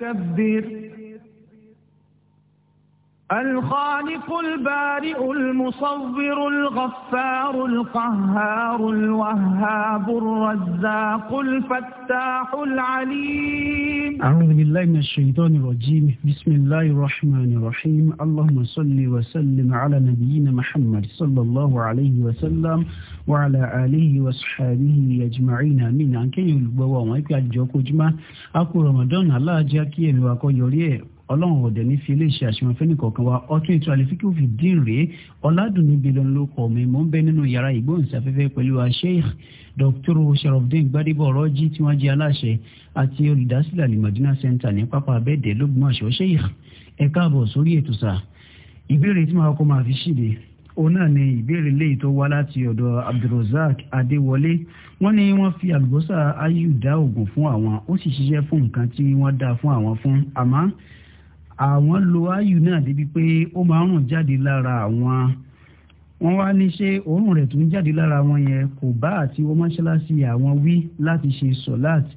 كبر الخالق البارئ المصور الغفار القهار الوهاب الرزاق الفتاح العليم أعوذ بالله من الشيطان الرجيم بسم الله الرحمن الرحيم اللهم صل وسلم على نبينا محمد صلى الله عليه وسلم وعلى آله وصحبه أجمعين من أنكي يلقوا وما يكون أجوكو جمع أكو رمضان الله جاكي يلقوا يوريه ọlọ́run ọ̀dẹ̀ ní fi iléeṣẹ́ àṣìwọ̀n fẹ́nìkọ̀ọ̀kan wa ọtún ètò àlefíkì òfin dín rèé ọ̀làdùnní bílọ̀n ló kọ̀ mí mò ń bẹ nínú yàrá ìgbóhùnsáfẹ́fẹ́ pẹ̀lú Sheikh Dr. Sharafdin Gbadebo Ọ̀rọ̀jì tí wọ́n jẹ́ aláṣẹ àti olùdásílẹ̀ Alimadina Center ní pápá abẹ́ẹ̀dẹ̀ lọ́gbọ̀nsọ̀ Sheikh ẹ káàbọ̀ sórí ètò sà ìbéèrè tí màá kọ́ máa fi ṣíde òun náà ni ìbéèrè léyìí tó wá láti ọ̀dọ̀ Abdulrozak Adéwọlé wọ́n ní wọ́n fi àlùbọ́sà ayù dá oògùn àwọn lo ayù náà débi pé ó máa ń rùn jáde lára àwọn wọ́n wá ní ṣé òórùn rẹ̀ tó ń jáde lára wọn yẹn kò bá àti wọ́n mọ́ṣáláṣí àwọn wí láti ṣe sọ̀láàtì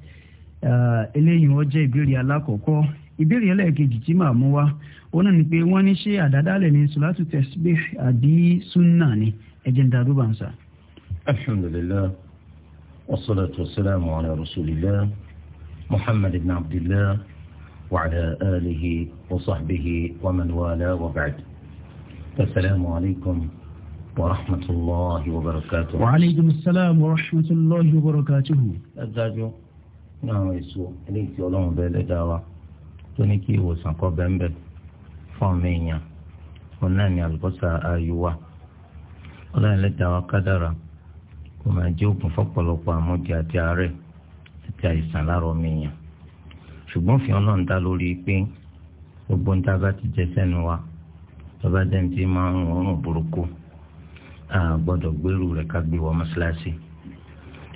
eléyìí wọ́n jẹ́ ìbéèrè alákọ̀ọ́kọ́ ìbéèrè ẹlẹ́ẹ̀kejì tí màá mú wá òun náà ni pé wọ́n ní ṣé àdádálẹ̀ ni sọ̀láàtù tẹ̀síbẹ̀ àbí súnà ni ẹ̀jẹ̀ ń darú bá ń sà. alhamdulillah wassalatu wassalamu ala rasulillah muhammad ibn abdillah. وعلى آله وصحبه ومن والاه وبعد السلام عليكم ورحمة الله وبركاته وعليكم السلام ورحمة الله وبركاته أدعو نعم يسوع إليك يولون بالإدارة تنكي وسنقو بمبت فامينيا ونعني القصة آيوة ولا لدارة قدرة وما جوب فقلوا قاموا جاتي تتعيسان لارومينيا ṣùgbọ́n fi ọlọ́run dá lórí pé gbogbo níta bá ti jẹ sẹ́nu wa bàbá dẹ́ni tí máa ń rọrùn burúkú a gbọ́dọ̀ gbèrú rẹ̀ ká gbé wọ mọ́ṣáláṣí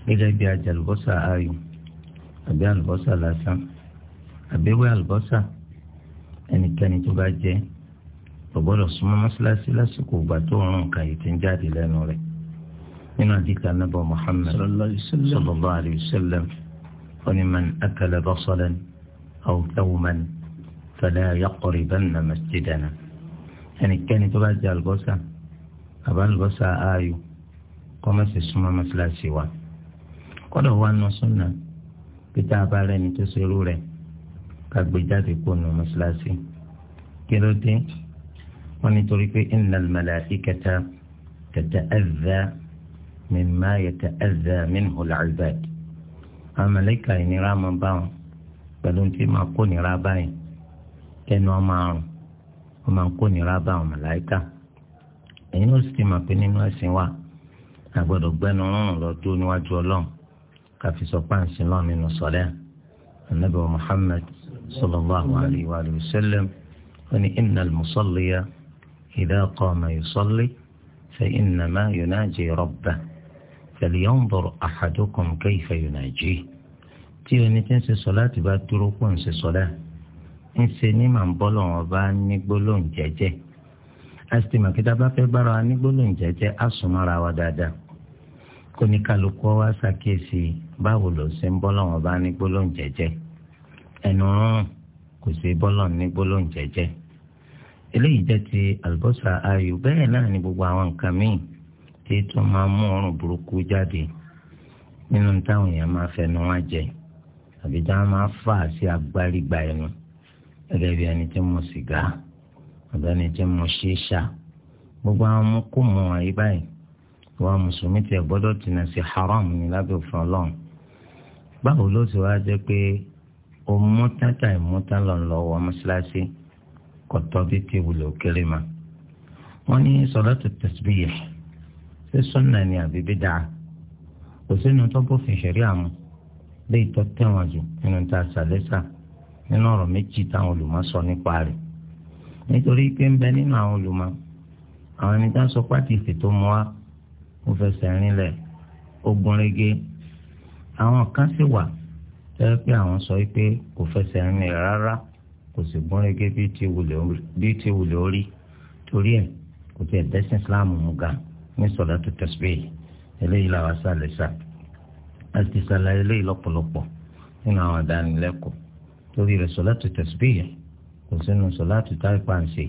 gẹ́gẹ́ bí ajá àlùbọ́sà ayò àbí àlùbọ́sà lásán àbẹ́wẹ́ àlùbọ́sà ẹnikẹ́ni tó bá jẹ́ gbọ́dọ̀ súnmọ́ mọ́ṣáláṣí lásìkò ìgbà tó rùn kà yìí ti ń jáde lẹ́nu rẹ̀ nínú àdìgbà nàbọ̀ Muhammad sallallahu alayhi wa sallam onímọ̀ akala aw tawman fala yaqribanna masjidana ẹnikẹ́ni tó bá jẹ àlùbọ́sà àbá àlùbọ́sà aáyù kọ́mẹ́sì súnmọ́ mọ́sálásí wa kọ́dọ̀ wa nù súnà pété abárẹ́ ni tó ṣerú rẹ̀ ká gbé jáde kó nù mọ́sálásí kí ló dé wọ́n nítorí pé innal malaikata tata'adha mimma yata'adha minhu al-ibad àwọn màláíkà ìnira máa bá wọn pẹ̀lú tí máa kó nira báyìí kẹ́nu ọmọ àrùn ó máa ń kó nira bá àwọn màláìka ẹ̀yin ó sì ti mọ̀ pé nínú ẹ̀sìn wa àgbọ̀dọ̀ gbẹ́nu rọrùn lọ́dún níwájú ọlọ́run káfí sọ páǹsì náà nínú sọ̀rẹ́ ànábì wa sallallahu alayhi wa sallam ó ní musalliya idha qama yusalli fa innama yunaji rabbah falyanzur ahadukum kayfa yunajihi tí ẹni tí ń ṣe sọlá ti bá dúró kó ń ṣe sọlá ń ṣe ní màá bọ́ lọ́wọ́ bá ní gbólóhùn jẹ́jẹ́ asitima kí dábàá fẹ́ bára wa ní gbólóhùn jẹ́jẹ́ á sùn mọ́ra wa dáadáa kó ní kálukú wa ṣàkíyèsí báwo ló ṣe ń bọ́ lọ́wọ́ bá ní gbólóhùn jẹ́jẹ́ ẹnu rún kò sí bọ́lọ̀ ní gbólóhùn jẹ́jẹ́ eléyìí jẹ́ ti àlùbọ́sà ayò bẹ́ẹ̀ náà ni gbogbo àwọn nǹkan míì tí tó máa mú ọrùn burúkú jáde nínú táwọn èèyàn máa fẹnu wá jẹ àbí tí wọ́n máa fà á sí agbárígba ẹnu gẹ́gẹ́ bí ẹni tí ń mu sìgá àbí ẹni tí ń mu ṣíṣà gbogbo àwọn ọmọ kò mọ àyè báyìí wọn mùsùlùmí tiẹ̀ gbọ́dọ̀ tìǹà sí haram ní lábẹ́ òfin Ọlọ́run báwo ló ti wá jẹ́ pé o mú tata ìmúta lọ lọ́wọ́ mọ́ṣáláṣí kò tọ́ bí kéré ma wọ́n ní sọ̀látù tasbih ṣé sọ́nà ni àbí bídà kò sínú tó bófin àmú léyìí tó tẹ̀wọ̀n jù nínú ta sàlẹ́sà nínú ọ̀rọ̀ méjì táwọn olùmọ̀ sọ nípa rẹ̀ nítorí pé ń bẹ nínú àwọn olùmọ̀ àwọn ẹni tá a sọ pàtì ìfètò mọ́ wa ó fẹsẹ̀ rinlẹ̀ ogun rege àwọn kan sì wà tẹ́lẹ̀ pé àwọn sọ pé kò fẹsẹ̀ rinlẹ̀ rárá kò sì gún rege bí ti wùlé orí torí ẹ̀ kò tiẹ̀ dẹ́sìn Islam mú ga ní sọ̀dọ̀ tó tẹ̀síbẹ̀ eléyìí làwọn sàlẹ́sà àti ìsàlàyé lé lọ́pọ̀lọpọ̀ nínú àwọn àdánilẹ́kọ̀ọ́ torí rẹ̀ sọ̀láàtù tẹ̀síbíyà kò sínú sọ̀láàtù táìpà ń ṣe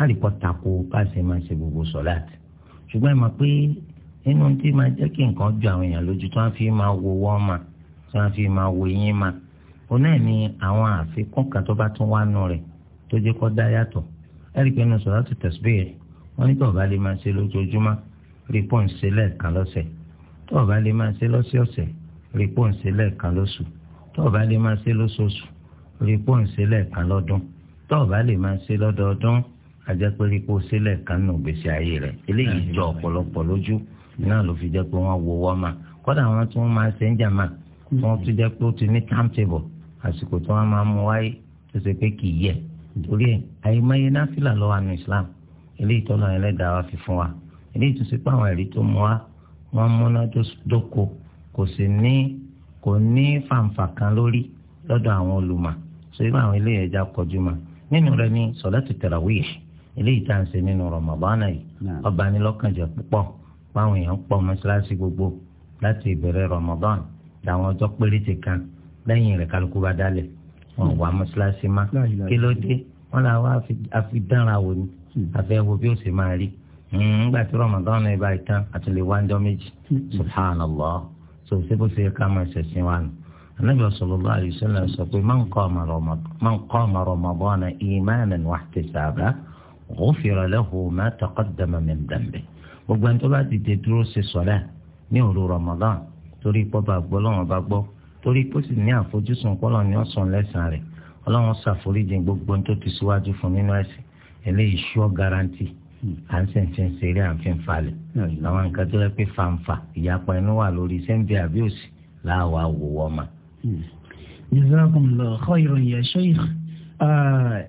àlìkọ́ tako káṣí máa ṣe gbogbo sọ̀láàtù ṣùgbọ́n ẹ máa pé nínú tí máa jẹ́ kí nǹkan ju àwọn èèyàn lójú tí wọ́n fi máa wo wọ́n mà tí wọ́n fi máa wo yín mà òun náà ni àwọn àfikún kan tó bá tún wá nù rẹ̀ tó jẹ́ kó dá yàtọ̀ ẹ̀rí pé nínú sọ̀láàtù tẹ̀síbíyà wọ́n ní tó bá lè máa ṣe lójoojúmọ́ rí pọ́ǹsì lẹ́ẹ̀kan lọ́sẹ̀ tó bá lè máa ṣe lọ́sẹ̀ọ̀sẹ̀ rí pò ń ṣe lẹ́ẹ̀kan lóṣù tó o bá lè máa ṣe lóṣooṣù rí pò ń ṣe lẹ́ẹ̀kan lọ́dún tó o bá lè máa ṣe lọ́dọọdún ajẹ́ pé rí pò ṣe lẹ́ẹ̀kan nù gbèsè ayé rẹ̀ eléyìí jọ ọ̀pọ̀lọpọ̀ lójú náà ló fi jẹ́ pé wọ́n wo wọ́n mà kọ́dà wọn tí máa ṣe ń jà máa wọ́n tún jẹ́ pé ó ti ní timetable àsìkò tí wọ́n máa mú wáyé tó ṣe pé kì í yẹ torí ẹ̀ àyèmáyé náfìlà lọ́wọ́ àánú Islam eléyìí tọ́lọ́ ẹlẹ́dàá wa fi fún wa eléyìí tó ṣe pé àwọn ẹ̀rí tó mú wa wọ́n múná dóko kò sì ní kò ní fàǹfà kan lórí lọ́dọ̀ àwọn olùmọ̀ so irú àwọn ilé ẹja kọjú ma nínú rẹ̀ ní sọlátù tarawih eléyìí tá à ń ṣe nínú rọmọbánà yìí ọba ní lọ́kànjẹ́ púpọ̀ báwọn èèyàn pọ̀ mọ́ṣáláṣí gbogbo láti ìbẹ̀rẹ̀ rọmọbánà làwọn ọjọ́ péréte kan lẹ́yìn rẹ̀ kálukú bá dálẹ̀ wọn wà mọ́ṣáláṣí má kí ló dé wọn là wá àfi dánra wò ni àfẹ́ hmm. wo bí ó sì máa rí hmm, nígbà tí rọmọbánà yìí bá tán àtúnlẹ̀ wá ń dán méjì hmm. subhanallah so ṣé bó ṣe ká máa ṣẹ̀sìn wa nù. النبي صلى الله عليه وسلم يقول من قام رمضان من قام رمضان إيمانا واحتسابا غفر له ما تقدم من ذنبه gbogbo ẹni tó bá dìde dúró ṣe sọlẹ ní òru ramadan torí pọ bá gbọ́ lọ́wọ́ bá gbọ́ torí pọ sì ní àfojúsùn pọlọ ní ọsàn lẹsàn rẹ Ọlọ́run ṣàforíjì gbogbo ẹni tó ti síwájú fún nínú ẹ̀ṣẹ̀ eléyìí ṣọ garanti à ń ṣẹ̀ṣẹ̀ ṣeré à ń fi falẹ̀ àwọn nǹkan tó yẹ pé fanfa ìyapa ẹnu wà lórí sẹ́ńbì àbí òsì láwa wò wọ́n ma. jazakumullahu khairan ya sheikh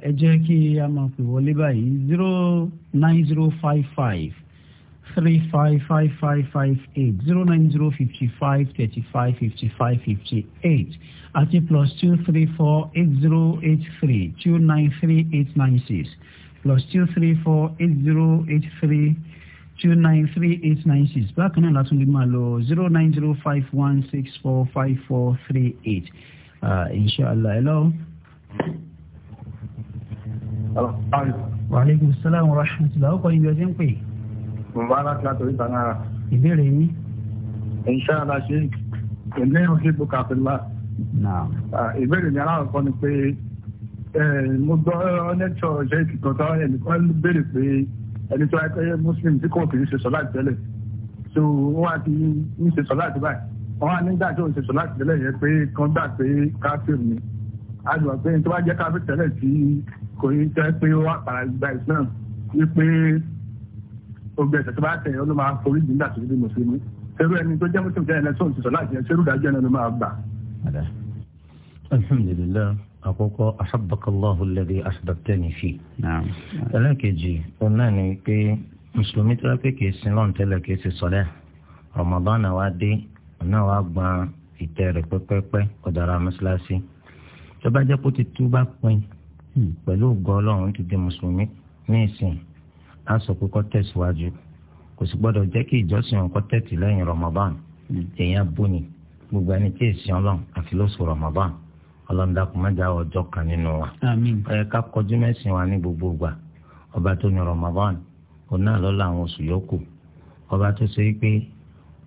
ẹ jẹ́ kí a máa pè wọlé báyìí zero nine zero five five three five five five five eight zero nine zero fifty five thirty five fifty five fifty eight àti plus two three four eight zero eight three two nine three eight nine six plus two three four eight zero eight three two nine three eight nine six bákan náà látún lè máa lọ zero nine zero five one six four five four three eight uh, inshallah hello. Hello. wa aleykum salaam wa rahmatulah ọkọ ìgbà tí ń pè. mubarak látòrí sanara. ìbéèrè yín. inshallah ṣe ìlẹ́yìn ṣe bùkà fìlà. ìbéèrè mi aláwọ̀ kọ́ ni pé. Eh, mo gbọ́ lẹ́tọ̀ ṣe ìkìkan tó ẹnìkan béèrè pé ẹni tó ayẹyẹ muslim tí kò kì í ṣe sọ́láàtì tẹ́lẹ̀ so ó wá ti ń ṣe sọ́láàtì báyìí wọ́n á nígbà tó ń ṣe sọ́láàtì tẹ́lẹ̀ yẹn pé kan gbà pé káfíìn ni a lọ pé tó bá jẹ́ káfíìn tẹ́lẹ̀ tí kò ní jẹ́ pé ó wà para gba islam wípé ogun ẹ̀sẹ̀ tó bá tẹ̀ ọ́ ló máa forí jù nígbà tó ti di mùsùlùmí àkọ́kọ́ ahabakallahu alladhi ahbabtani fi. ẹlẹ́kejì òun náà ni pé mùsùlùmí tó wáá pé kìí sin lọ́n tẹ́lẹ̀ kìí ṣe sọ́lẹ̀ Ramadan náà wáá dé òun náà wáá gbọ́n ìtẹ́ rẹ̀ pẹ́pẹ́pẹ́ ọ̀dàrà mọ́ṣáláṣí tó bá jẹ́ kó ti tú bá pin hmm, pẹ̀lú ògo ọlọ́run ti di mùsùlùmí ní ìsìn á sọ pé kó tẹ̀síwájú kò sì gbọ́dọ̀ jẹ́ kí ìjọsìn òun ọlọ́dà kò má já ọjọ́ kan nínú wa. ẹ ká kọjú mẹ́sìn wa ní gbogbo ìgbà ọba tó ní Ramadan òun náà lọ́la àwọn oṣù yòókù ọba tó ṣe pé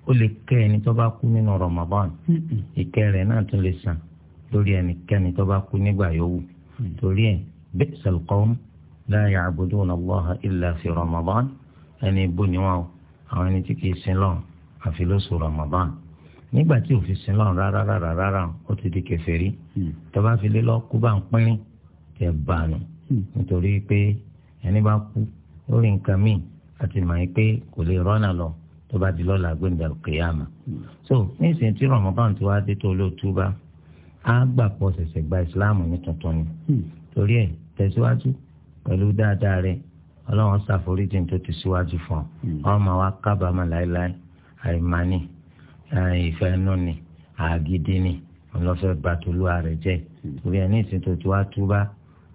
ó lè kẹ́ ẹni tó bá kú nínú Ramadan ìkẹ́ rẹ̀ náà tún lè sàn lórí ẹnikẹ́ni tó bá kú nígbà yòówù torí ẹ̀ bi'sal qawm la ya'buduna Allaha illa fi Ramadan ẹni ibú ni wọn àwọn ẹni tí kì í sin lọ́wọ́ àfi lóṣù Ramadan nígbà tí òfin sin lọ́run rárá rárá rárá ó ti di kèfèrí hmm. tọ́ba fi lé lọ kú bá ń pínrín tẹ̀ bànú hmm. nítorí pé ẹni bá kú lórí nǹkan míì àti màá pé kò lè rọ́nà lọ tó bá di lọ́la gbẹ̀ndà kìyàmà. Hmm. so nísìnyí tí rọmọbáwọn ti wá dé tó olóòtúbá á gbà pọ̀ ṣẹ̀ṣẹ̀ gba ìsìláàmù ní tuntun ni torí ẹ̀ tẹ̀síwájú pẹ̀lú dáadáa rẹ̀ ọlọ́run ṣàforíjì tó ti síwájú fún ọ ọmọ ìfẹ́ inú ni àgídí ni ọlọ́fẹ́ bàtúlúwa rẹ̀ jẹ́ torí ẹ̀ ní ìsìn tó ti wá túbá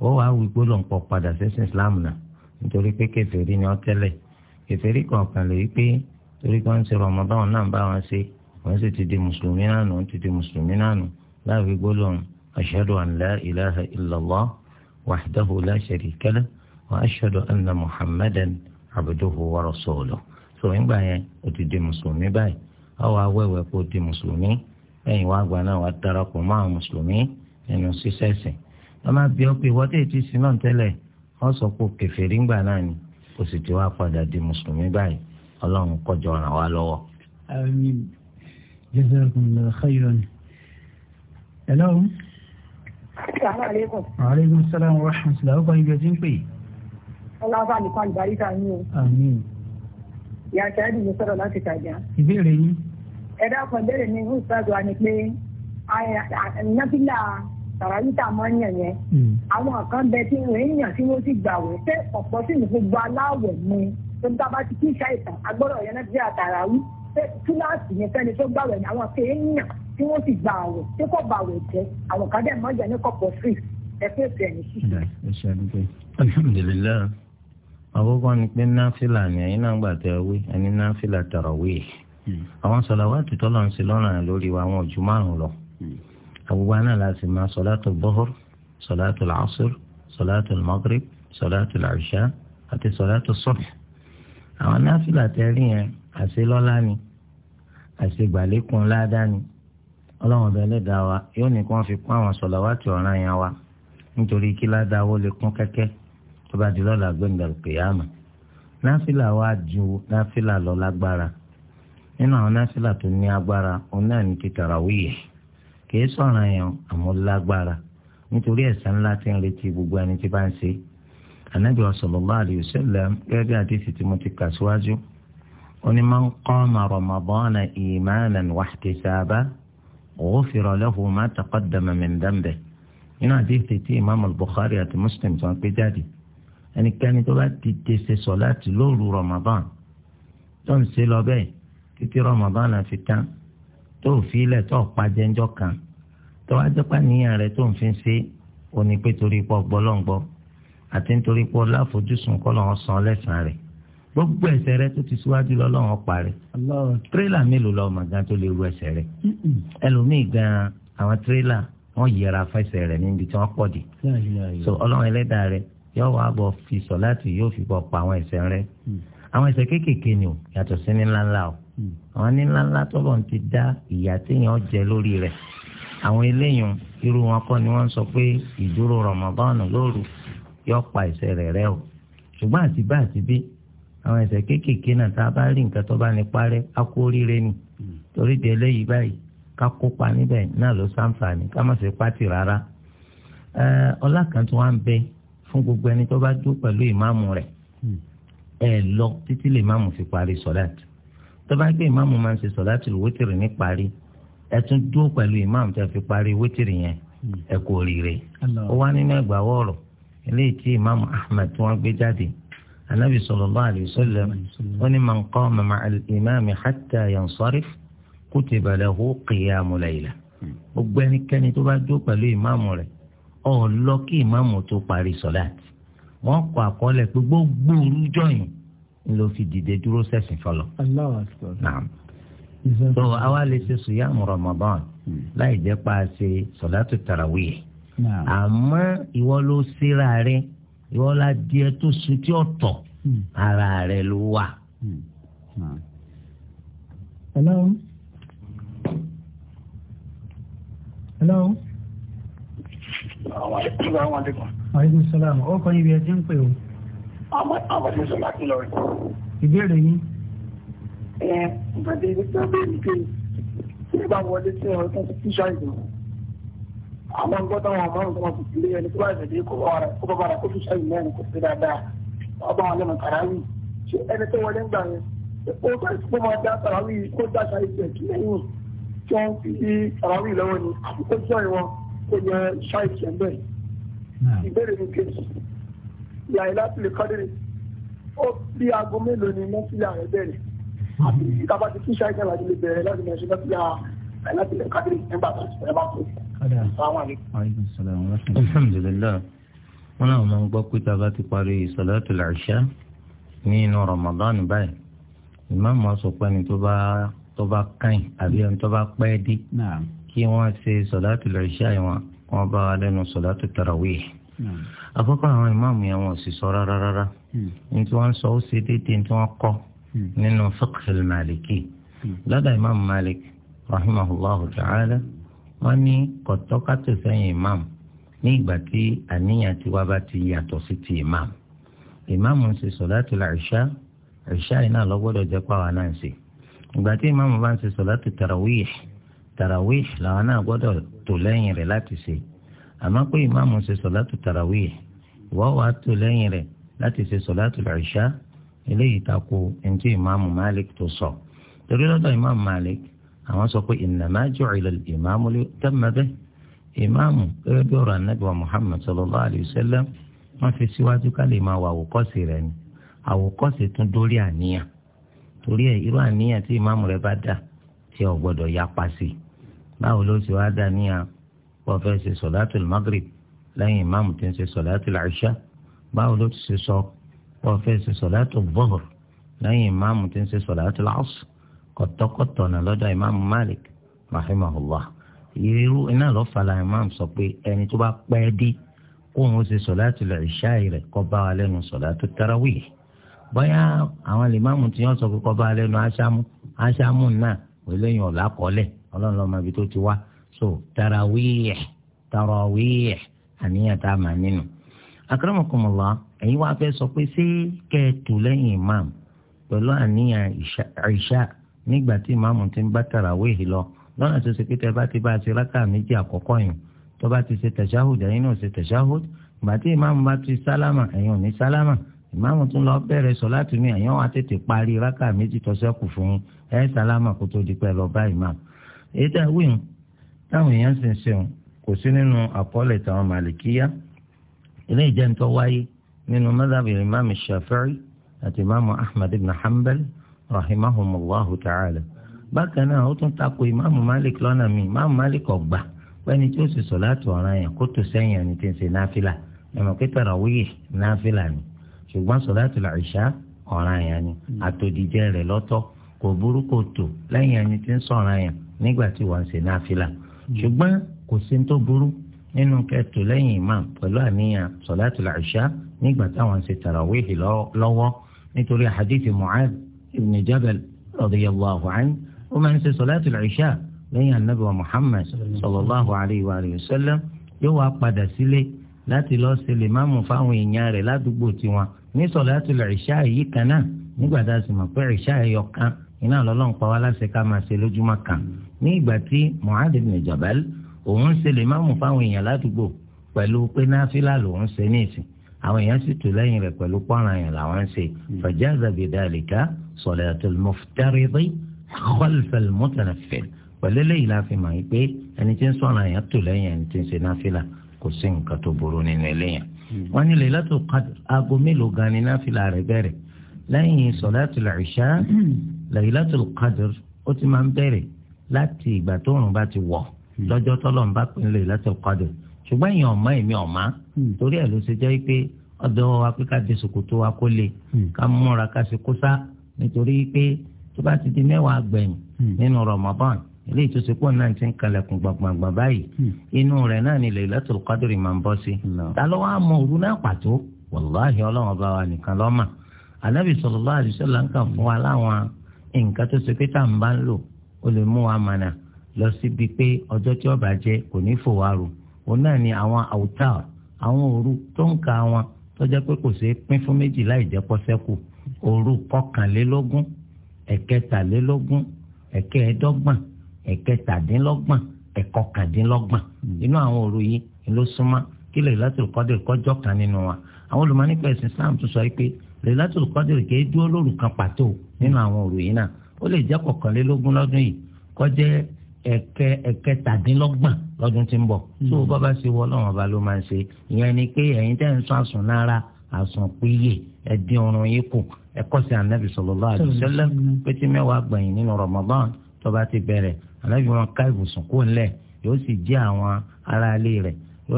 ó wàá wí gbólóhùn pọ̀ padà sẹ́sìn islam náà nítorí pé kèfèrí ni ọ́ tẹ́lẹ̀ kèfèrí kọ̀ọ̀kan lè rí pé torí pé wọ́n ń ṣe rọmọbáwọn náà bá wọn ṣe wọ́n sì ti di mùsùlùmí náà nù ti di mùsùlùmí náà láàbí gbólóhùn ashhadu an la ilaha illallah àwọn awẹ́wẹ́ kó di mùsùlùmí lẹ́yìn wá gba náà wá darapọ̀ mọ́ àwọn mùsùlùmí nínú sísẹ̀sìn wọ́n máa bí ọ pé wọ́n tẹ̀ ti sin sọ pé kèfèrí ńgbà náà ni kò sì ti wá padà di mùsùlùmí báyìí ọlọ́run kọjọ ràn wá lọ́wọ́. àmín jazakumullahu khairan. hello. salaamaleykum. aleykum salaam wa rahmatulah. ọkọ ibi ẹtí ń pè. ọlọ́ba nìkan ìbáríkà yín o. àmín. ìyá sẹ́yìn mi sọ̀rọ̀ láti tàjà. ìbéèrè yín ẹ̀dá kan bẹ̀rẹ̀ ní ìlú ìfẹ́ wa ni pé nábìlà tàràyítà máa ń yàn yẹn hmm. àwọn kan bẹ tí wọ́n ń yàn tí wọ́n ti gbà wẹ̀ pé ọ̀pọ̀ sí ní gbogbo aláwẹ̀ ni tó ń dábàá ti kí ṣàìsàn agbọ́dọ̀ yẹn nábìlà tàràwí pé kíláàsì yẹn fẹ́ni tó gbà wẹ̀ ni àwọn kan ń yàn tí wọ́n ti gbà wẹ̀ tí kò bà wẹ̀ jẹ́ àwọn kan dẹ̀ mọ́ yẹn ní kọ̀pọ̀ sí ẹ pé bẹ̀ ní ṣíṣe. alhamdulilayi àkọ́kọ́ ni pé náfìlà ni ẹ̀yin náà gbà tẹ̀ wí ẹni náfìlà tàràwí àwọn sọ̀làwátì tọ́lọ̀ ń ṣe lọ́rùn àná lórí wa àwọn ojú márùn-ún lọ. àwùwá náà láti máa sọ̀látù bọ́hùr sọ̀látù làásùr sọ̀látù mọ́gírib sọ̀látù làṣà àti sọ̀látù sọ̀f. àwọn náfìlà tẹ́rí yẹn àṣelọ́lá ni àṣegbàlékun ládàá ni ọlọ́run ọba ẹlẹ́dàá wa yóò ní kí wọ́n fi kún àwọn sọ̀làwátì ọ̀ràn yẹn wa nítorí kí ládàá wó lè kún kẹ́kẹ́ tó bá di lọ́la gbẹ̀ngàn kìyàmà nínú àwọn násìlà tó ní agbára òun náà ní ti tàràwíyẹ kìí sọ̀rọ̀ yẹn àmọ́ lágbára nítorí ẹ̀san ńlá tí ń retí gbogbo ẹni tí bá ń ṣe ànábì sallallahu alayhi wa sallam gẹ́gẹ́ bí àdìsí tí mo ti kà síwájú ó ní man qama ramadana imanan wahtisaba ghufira lahu ma taqaddama min dhanbihi nínú àdìsí tí imaamu Bukhari àti Muslim tí wọ́n pé jáde ẹnikẹ́ni tó bá ti dẹ́ṣẹ̀ sọ láti lóru Ramadan tó ń ṣe lọ bẹ́ẹ̀ títí Ramadan náà fi tán tó ò fi ilẹ̀ tó ọ̀pá jẹ́njọ́ kan tó wá jẹ́pá níyàn rẹ tó ń fi ṣe òní pé torí pọ̀ gbọ́lọ́ngbọ́ àti nítorí pọ̀ láfojúsùn kọ́ lọ́wọ́ san lẹ́sàn-án rẹ̀ gbogbo ẹ̀ṣẹ̀ rẹ tó ti síwájú lọ́lọ́wọ́ parí tírélà mélòó lọ́mọ gan tó lè ru ẹ̀ṣẹ̀ rẹ ẹlòmíì gan àwọn tírélà wọn yẹra fẹsẹ̀ rẹ níbi tí wọ́n pọ̀ dé so ọlọ́run ẹlẹ́dàá rẹ yóò wá bọ̀ fi sọ láti yóò fi bọ̀ pa àwọn ẹ̀ṣẹ̀ rẹ mm. àwọn ẹ̀ṣẹ̀ kéékèèké ni o yàtọ̀ sí ní ńláńlá o àwọn nílá ńlá tọ́lọ̀ ń ti dá ìyá téèyàn jẹ lórí rẹ̀ àwọn eléyìí irú wọn kọ́ ni wọ́n sọ pé ìdúró Ramadan lóru yóò pa ẹ̀ṣẹ̀ rẹ̀ rẹ́ o ṣùgbọ́n àti bá àti bí àwọn ẹ̀ṣẹ̀ kéékèèké náà tá a bá rí nǹkan tó bá ní parẹ́ á kú oríire ni torí di eléyìí báyìí ká kópa níbẹ̀ náà ló ṣàǹfààní ká má ṣe pátì rárá ọlá kan ń bẹ fún gbogbo ẹni tó bá dúró pẹ̀lú ìmáàmù rẹ̀ ẹ lọ títí lè máàmù fi parí sọ́láàtì tó bá gbé ìmáàmù máa ń ṣe sọ̀láàtì wítìrì ní parí ẹ tún dúró pẹ̀lú ìmáàmù tẹ́ fi parí wítìrì yẹn ẹ kú oríire. ó wá nínú ẹgbà wọ̀ọ̀rọ̀ eléyìí tí ìmáàmù ahmed tí wọ́n gbé jáde anabi sallallahu alayhi wa sallam ó ní man qama ma'a al-imami hatta yansarif kutiba lahu qiyamu layla. gbogbo ẹnikẹ́ni tó bá dúró pẹ̀lú ìmáàmù rẹ̀ ọ̀ ló fi dìde dúró sẹ̀sìn fọlọ. so àwa lè ṣe sùyàmù Ramadan hmm. láì jẹ́ pa ṣe sọ̀látù tarawih àmọ́ ìwọ ló síra rẹ ìwọ la díẹ̀ tó sùn tí ó hmm. ara rẹ ló wà. Hmm. hello hello. àwọn àlejò àwọn àlejò. wàhálà ìṣẹ̀lẹ̀ àwọn ọkọ̀ yìí bí ẹ ti ń pè o. ọmọ tí sọ láti lọ rẹ̀. ìbéèrè yín. ẹ ìbàdí ẹni tó bẹ́ẹ̀ ni because tí ó bá wọlé sí ọ̀rọ̀ tó ti fi ṣáìsì àwọn gbọ́dọ̀ wọn máa going tọ́ fi sílé ẹni tó bá ìṣẹ̀dí kó bá bára kó fi ṣáìsì mẹ́rin kò sí dáadáa ọba wọn lẹ́nu kàráwì ṣé ẹni tó wọlé ń gbà yẹn ó bá ìṣúpọ̀ máa dá kàráwì kó dá ṣáìsì ẹ̀ kí lẹ́yìn tí wọ́n fi kàráwì lọ́wọ́ ni àkókò jọ́ ìwọ̀n kó yẹ ṣáìsì ẹ̀ bẹ́ẹ̀ ìbéèrè ni kejì. Lailatul Qadri ó bí aago mélòó ni nọ́fìlà rẹ̀ bẹ̀rẹ̀ àti ìkápá ti kíṣà ìjọba ti lè bẹ̀rẹ̀ láti mọ̀ sí nọ́fìlà Lailatul Qadri nígbà tó ṣe bá kú. alhamdulilayi wọn náà máa ń gbọ́ pé tàbá ti parí salatul isha ní inú Ramadan báyìí ìmáàmù sọ pé ẹni tó bá tó bá kàn àbí ẹni tó bá pẹ́ dé kí wọ́n ṣe salatul isha wọn bá wà lẹ́nu salatul tarawih. Hmm. àkọ́kọ́ àwọn ìmáàmù yẹn wọn ò sì sọ rárá rárá hmm. ní tí wọ́n ń sọ ó ṣe déédéé tí wọ́n kọ́ hmm. nínú fiqhil maliki lọ́dọ̀ ìmáàmù malik rahimahullahu ta'ala wọ́n ní kọ̀tọ́kátò sẹ́yìn ìmáàmù ní ìgbà tí àníyàn tiwa bá ti yàtọ̀ sí ti ìmáàmù ìmáàmù ń ṣe sọ̀láàtì làṣà àṣà iná lọ́gbọ́dọ̀ jẹ́ pàwọn náà ń ìgbà tí ìmáàmù bá ń ṣe sọ̀láàtì tarawih tarawih làwọn náà gbọ́dọ̀ tò lẹ́yìn rẹ̀ láti ṣe àmọ́ pé ìmáàmù ṣe sọ̀látù tarawih ìwọ́ wàá tó lẹ́yìn rẹ̀ láti ṣe sọ̀látù ìṣá eléyìí tako ẹ̀ńtí ìmáàmù Malik tó sọ torí lọ́dọ̀ ìmáàmù Malik àwọn sọ pé innama ju'ila al-imamu liyu'tamma bihi ìmáàmù gẹ́gẹ́ bí ọ̀rọ̀ anábìwá Muhammad sallallahu alayhi wọ́n fi síwájú ká lè wọ àwòkọ́sì wọ́n fẹ́ ṣe sọ̀láàtì magrib lẹ́yìn ìmáàmù tí ń ṣe sọ̀láàtì àṣà báwo ló ti ṣe sọ wọ́n fẹ́ ṣe sọ̀láàtì bọ́ọ̀r lẹ́yìn ìmáàmù tí ń ṣe sọ̀láàtì àṣà kọ̀tọ́kọ̀tọ̀ náà lọ́dọ̀ ìmáàmù malik rahimahullah irú iná lọ́ọ́ fala ìmáàmù sọ pé ẹni tó bá pẹ́ dé kóun ó ṣe sọ̀láàtì àṣà rẹ̀ kó bá wa lẹ́nu sọ̀láàtì tarawih bóyá àwọn ìmáàmù tí wọ́n sọ pé kó bá wa lẹ́nu aṣámú aṣámú náà òun so tarawih tarawih àníyàn tá a máa nínú. akramakumullah ẹ̀yin wá fẹ́ sọ pé ṣé kẹ́ẹ̀tù lẹ́yìn imam pẹ̀lú àníyàn ìṣá nígbà tí imam ti ń bá tarawih lọ lọ́nà tó ṣe pé tẹ bá ti bá a ṣe rákà méjì àkọ́kọ́ yìí tó bá ti ṣe tashahud ẹ̀yin náà ṣe tashahud ìgbà tí imam bá ti sálámà ẹ̀yin ò ní sálámà ìmáàmù tún lọ bẹ̀rẹ̀ sọ láti ní àyàn wa tètè parí rákà méjì tó fún ẹ sálámà kó tó di pẹ́ lọ bá ìmáàmù. èyí tẹ́ wíwọ̀n táwọn èèyàn sì ń ṣeun kò sí nínú àkọọ́lẹ̀ táwọn màlìkíyà eléyìí jẹ́ nítorí wáyé nínú madhab imam shafi'i àti imam ahmad ibn hanbal rahimahumullahu ta'ala bákan náà ó tún takò imam malik lọ́nà mi imam malik ọ̀gbà pẹ́ni tí ó sì sọ láti ọ̀ràn yẹn kó tó sẹ́yìn ẹni tí ń ṣe náfìlà ẹ̀mọ̀ pé tarawih náfìlà ni ṣùgbọ́n salatul isha ọ̀ràn yẹn ni mm. àtòdìjẹ́ rẹ̀ lọ́tọ̀ kò burú kò lẹ́yìn ẹni tí ń sọ̀ràn yẹn nígbà tí wọ́n ń ṣe náfìlà Mm-hmm. ṣùgbọ́n kò sí tó burú nínú kẹtù lẹ́yìn imam pẹ̀lú àníyàn sọ̀láàtù làṣà nígbà táwọn ṣe tàràwíhì lọ́wọ́ nítorí hadith mu'ad ibn jabal radiyallahu anhu ó máa ń ṣe sọ̀láàtù làṣà lẹ́yìn anabi wa muhammad sallallahu alayhi wa sallam yóò wá padà sílé láti lọ́ọ́ ṣe lè máàmù fáwọn èèyàn rẹ̀ ládùúgbò tiwọn ní sọ̀láàtù làṣà yìí kan náà nígbà tá a sì mọ̀ pé làṣà yọ kan iná lọ́lọ́ ní ìgbà tí Mu'adh ibn Jabal òun ṣe lè má mú fáwọn èèyàn ládùúgbò pẹ̀lú pé náfìlà lòun ṣe ní ìsìn àwọn èèyàn sì tù lẹ́yìn rẹ̀ pẹ̀lú pọ́nrán yẹn làwọn ń ṣe fajaza bidhalika salatul muftaridi khalfal mutanaffil pẹ̀lú eléyìí la fi mọ̀ yìí pé ẹni tí ń sọ̀rọ̀ àyàn tò lẹ́yìn ẹni tí ń ṣe náfìlà kò sí nǹkan tó burú nínú eléyàn. Hmm. wọ́n ní Lailatul Qadr aago mélòó gan ni náfìlà rẹ̀ bẹ̀rẹ̀ lẹ́yìn sọ̀láàtì làìṣá Lailatul Qadr ó láti ìgbà tó òrùn bá ti wọ̀ hmm. lọ́jọ́ tọ́lọ́run bá pín lè láti ọ̀kadà ṣùgbọ́n èèyàn ọ̀mọ́ èmi ọ̀má hmm. torí ẹ̀ ló ṣe jẹ́ pé ọ̀dọ̀ wa pé ká di ṣòkòtò wa kó le hmm. ká múra ká ṣe kó sá nítorí pé tó bá ti di mẹ́wàá gbẹ̀yìn nínú Ramadan eléyìí tó ṣe pọ̀ náà ti ń kalẹ̀kùn gbàngbàngbà báyìí inú rẹ̀ náà ni Lailatul Qadri máa ń bọ́ sí ta ló wá mọ òru náà pàtó wàláhì ọlọ́run ọba wa nìkan ló mọ̀ Ànábì sallallahu alaihi wasallam ń kà fún wa láwọn nǹkan tó ṣe pé tá à ń bá ń lò ó lè mú wa mànà lọ síbi pé ọjọ́ tí ó bàjẹ́ kò ní fò wá rò òun náà ni àwọn àwùtá àwọn òru tó ń ka wọn tó jẹ́ pé kò ṣeé pín fún méjì láì jẹ́ pọ́sẹ́kù òru kọkànlélógún ẹ̀kẹtàlélógún ẹ̀kẹẹ̀dọ́gbọ̀n ẹ̀kẹtàdínlọ́gbọ̀n ẹ̀kọkàndínlọ́gbọ̀n inú àwọn òru yìí ló súnmọ́ kí Lailatul Qadr kọjọ́ kan nínú wa àwọn olùmọ̀ nípa ẹ̀sìn Islam tún sọ pé Lailatul Qadr kì í dúró lóru kan pàtó nínú àwọn òru yìí náà ó lè jẹ́ kọkànlélógún lọ́dún yìí kó jẹ́ ẹ̀kẹ́ ẹ̀kẹtàdínlọ́gbọ̀n lọ́dún tí ń bọ̀ hmm. tó o bá bá ṣe wọ Ọlọ́run ọba ló máa ń ṣe ìyẹn ni pé ẹ̀yin tẹ́ ń sún àsùn náírà àsùn péye ẹ̀dín ọrùn yín kù ẹ̀kọ́ sí anabi sallallahu alaihi wasallam pé tí mẹ́wàá gbẹ̀yìn nínú Ramadan tó bá ti bẹ̀rẹ̀ anabi wọn ká ibùsùn kó ńlẹ̀ yóò sì jí àwọn aráalé rẹ̀ yóò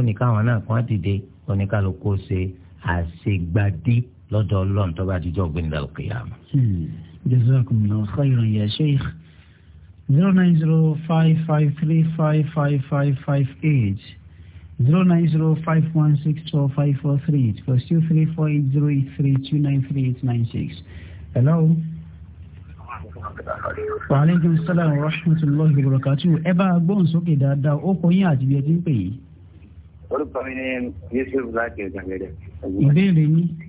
جزاكم الله ya يا شيخ nine zero five plus two three four eight zero eight three two nine three eight nine six. hello. waaleykum salaam wa rahmatulahi wa barakatu ẹ bá gbóhùn sókè dáadáa ó kọ yín àti bí ẹ ti ń pè yìí. orúkọ mi ni yusuf láti ọjà ìbéèrè yín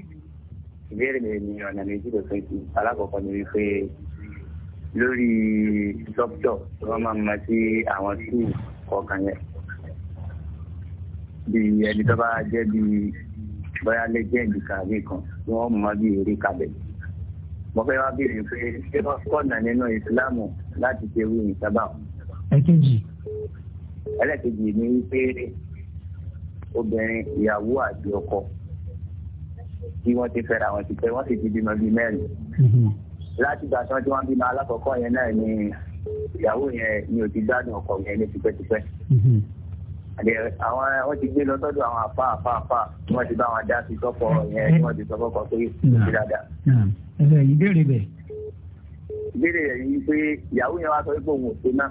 ìbéèrè mi ni ọ̀nà méjì ló pín sí alákọ̀ọ́kọ́ ni wípé lórí dókítọ̀ tí wọ́n máa ń mọ sí àwọn tíì kọ̀ọ̀kan yẹn bí ẹni tó bá jẹ́ bí bóyá lẹ́jẹ̀ndì kàwé kan tí wọ́n mọ bí eré kabẹ̀. mo fẹ́ wá bèèrè pé ṣé wọ́n kọ̀nà nínú ìsìláàmù láti ṣe wí ìsábà. ẹ̀kejì. ẹlẹ́kejì ni wípé obìnrin ìyàwó àti ọkọ tí wọ́n ti fẹ́ra wọn ti fẹ́ wọ́n sì ti bímọ bíi mẹ́rin. Mm-hmm. láti ìgbà tí wọ́n ti wá bímọ alákọ̀ọ́kọ́ yẹn náà ni ìyàwó yẹn ni ò ti gbádùn ọkọ yẹn ní tipẹ́tipẹ́. Mm-hmm. àwọn wọ́n ti gbé lọ sọ́dọ̀ àwọn àfa àfa àfa tí wọ́n ti bá wọn dá sí sọ́kọ̀ yẹn tí wọ́n ti sọ fọ́kọ̀ pé kò sí dáadáa. ẹ̀rọ ìbéèrè bẹ̀. ìbéèrè rẹ̀ yìí pé ìyàwó yẹn wá sọ pé òun ò ṣe náà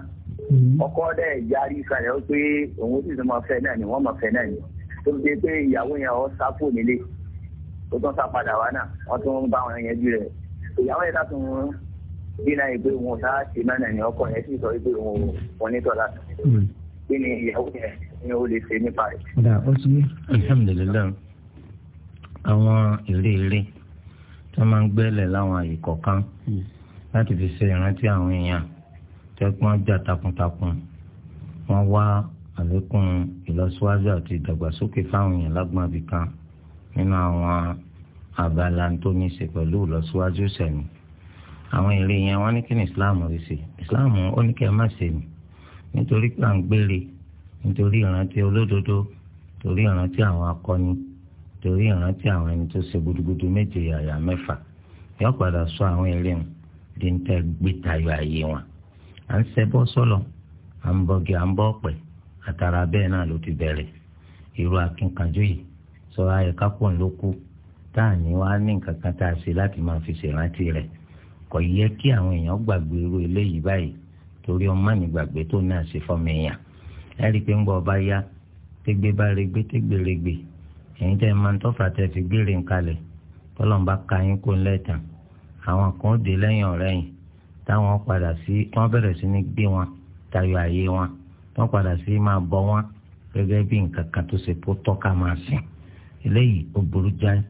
mm-hmm. ọkọ dẹ̀ yarí kalẹ̀ pé òun sì tún máa fẹ́ náà ni wọ́n máa fẹ́ náà ni tó fi dé pé ìyàwó yẹn ọ sáfò nílé tó tán sá padà wá náà wọ́n tún ń bá wọn yanjú rẹ̀ ìyàwó yẹn látún dínà ìgbé wọn sá ṣe mẹ́rin ní ọkọ yẹn sì sọ ìgbé wọn wọn ní tọ́lá hmm. kí ni ìyàwó yẹn ni ó lè ṣe nípa rẹ̀. ọ̀dà ó ti yé alhamdulilayi àwọn ìrí ìrí tó máa ń gbẹ́lẹ̀ láwọn àyè kọ̀ọ̀kan hmm. láti fi ṣe ìrántí àwọn èèyàn tẹ́gbọ́n jà takuntakun wọ́n wá àlékún ìlọsíwájú àti ìdàgbàsókè fáwọn èèyàn lágbọ́n abìkan nínú àwọn abala tó ní í ṣe pẹ̀lú ìlọsíwájú sẹ̀mí àwọn èrè yẹn wọ́n ní kí ni islam rí sí islam ó ní kí ẹ má ṣe ni nítorí pé à ń gbére nítorí ìrántí olódodo torí ìrántí àwọn akọni torí ìrántí àwọn ẹni tó ṣe gudugudu méje yàyà mẹ́fà yóò padà sọ àwọn èrè wọn di ń tẹ gbé tayọ ààyè wọn à ń ṣẹbọ sọlọ à ń bọgi à ń bọ ọpẹ àtàrà bẹ́ẹ̀ náà ló ti bẹ̀rẹ̀ irú akínkanjú yìí sọ ayẹ kápọ̀ ló kú tá ní wàá ní nǹkan kan tá a ṣe láti máa fi ṣèrántí rẹ̀ kò yẹ kí àwọn èèyàn gbàgbé irú eléyìí báyìí torí ọmọ ní tó náà ṣe fọmọ èèyàn ẹ rí i pé ń ọba yá tẹgbẹ́ bá regbe tẹgbẹ́ regbe ẹ̀yin máa ń tọ́fà ka yín kó lẹ́tàn àwọn kan dé lẹ́yìn ọ̀rẹ́ yìí táwọn padà sí wọ́n bẹ̀rẹ̀ sí ní gbé wọn tayọ àyè wọn wọ́n padà sí máa bọ wọn gẹ́gẹ́ bí nǹkan kan tó ṣe kó eléyìí ó burú jáì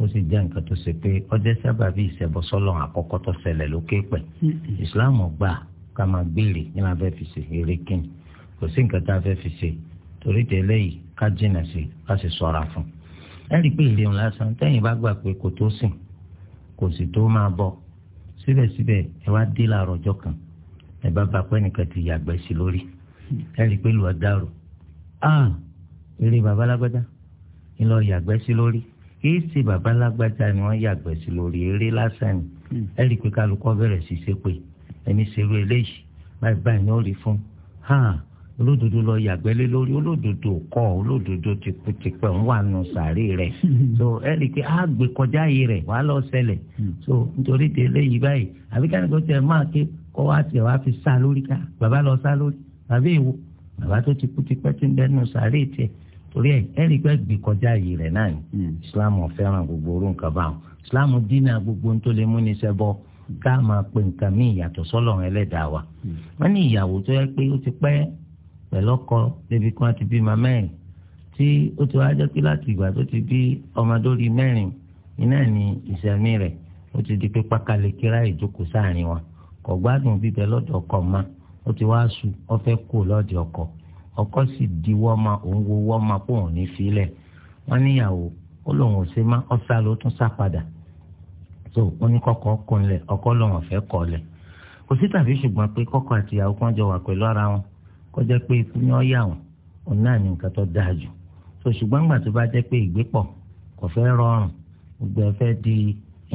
ó sì jẹ́ nǹkan tó ṣe pé ọjọ́ sábàbí ìṣẹ̀bọ sọ́lọ́ àkọ́kọ́ tó ṣẹlẹ̀ lókè pẹ̀ islam gbà ká máa gbèrè ní la fẹ́ fi ṣe eré kíni kò sí nǹkan tá a fẹ́ fi ṣe torí tẹ eléyìí ká jìnà sí ká sì ṣọ́ra fún ẹ rí i pé ìlérun lásán tẹ́yìn bá gbà pé kò tó sìn kò sì tó máa bọ̀ síbẹ̀síbẹ̀ ẹ wá dé láàárọ̀ ọjọ́ kan ẹ bá bá pẹ́ ti yàgbẹ́ sí lórí mm. ẹ rí i pé lùwà dàrú ah eré babalágbádá ńlọ yàgbẹ́ sí lórí kìí ṣe bàbá lágbájá ni wọ́n yàgbẹ́ sí lórí eré lásán ni hmm. ẹ rí i pé kálukọ́ bẹ̀rẹ̀ sí ṣe pé ẹni ṣerú eléyìí báyìí báyìí ni ó rí fún hàn olódodo lọ yàgbẹ́ lé lórí olódodo kọ́ olódodo tipẹ́tipẹ́ ń wà nù sàárè rẹ̀ hmm. so ẹ rí i pé á gbé kọjá yìí rẹ̀ wàá lọ ṣẹlẹ̀ hmm. so nítorí ti eléyìí báyìí àbíkẹ́ni kò tẹ̀ máa ké kọ́ wá tiẹ̀ wá fi sá lórí ká bàbá lọ sá lórí bàbá èwo bàbá tó ti kú tipẹ́ ti ń bẹ́ẹ̀ nù sàárè tiẹ̀ torí ẹ ẹrí pé gbé kọjá yìí rẹ náà ni hmm. islam fẹ́ràn gbogbo orú nǹkan báwọn islam dínà gbogbo tó lè mú ní ṣẹbọ ká máa pe nǹkan míì yàtọ̀ sọ́lọ́run ẹlẹ́dàá wa hmm. wọ́n ní ìyàwó tó yẹ pé ó ti pẹ́ pẹ̀lú ọkọ débi kí wọ́n ti bí ma mẹ́rin tí ó ti wá jẹ́ pé láti ìgbà tó ti bí ọmọdórí mẹ́rin iná ní ìsẹ̀mí rẹ̀ ó ti di pé pákàlẹ́kẹ́rà ìjókòó sáàrin wọn kò bíbẹ lọ́dọ̀ ọkọ ma ó ti wá sùn ó kú lọ́dọ̀ ọkọ ọkọ sì di wọ́ọ́mà òun wo wọ́ọ́mà pé òun ní filẹ̀ wọ́n níyàwó ó lóun ò ṣe má ọ̀sá ló tún sá padà so oníkọ́kọ́ kúnlẹ̀ ọkọ lòun ọ̀fẹ́ kọ́lẹ̀ kò sí tàbí ṣùgbọ́n pé kọ́kọ́ àti ìyàwó kan jọ wà pẹ̀lú ara wọn kó jẹ́ pé ikú ni ó yà wọn òun náà ní nǹkan tó dáa jù so ṣùgbọ́n gbà tó bá jẹ́ pé ìgbépọ̀ kò fẹ́ rọrùn gbogbo ẹ fẹ́ di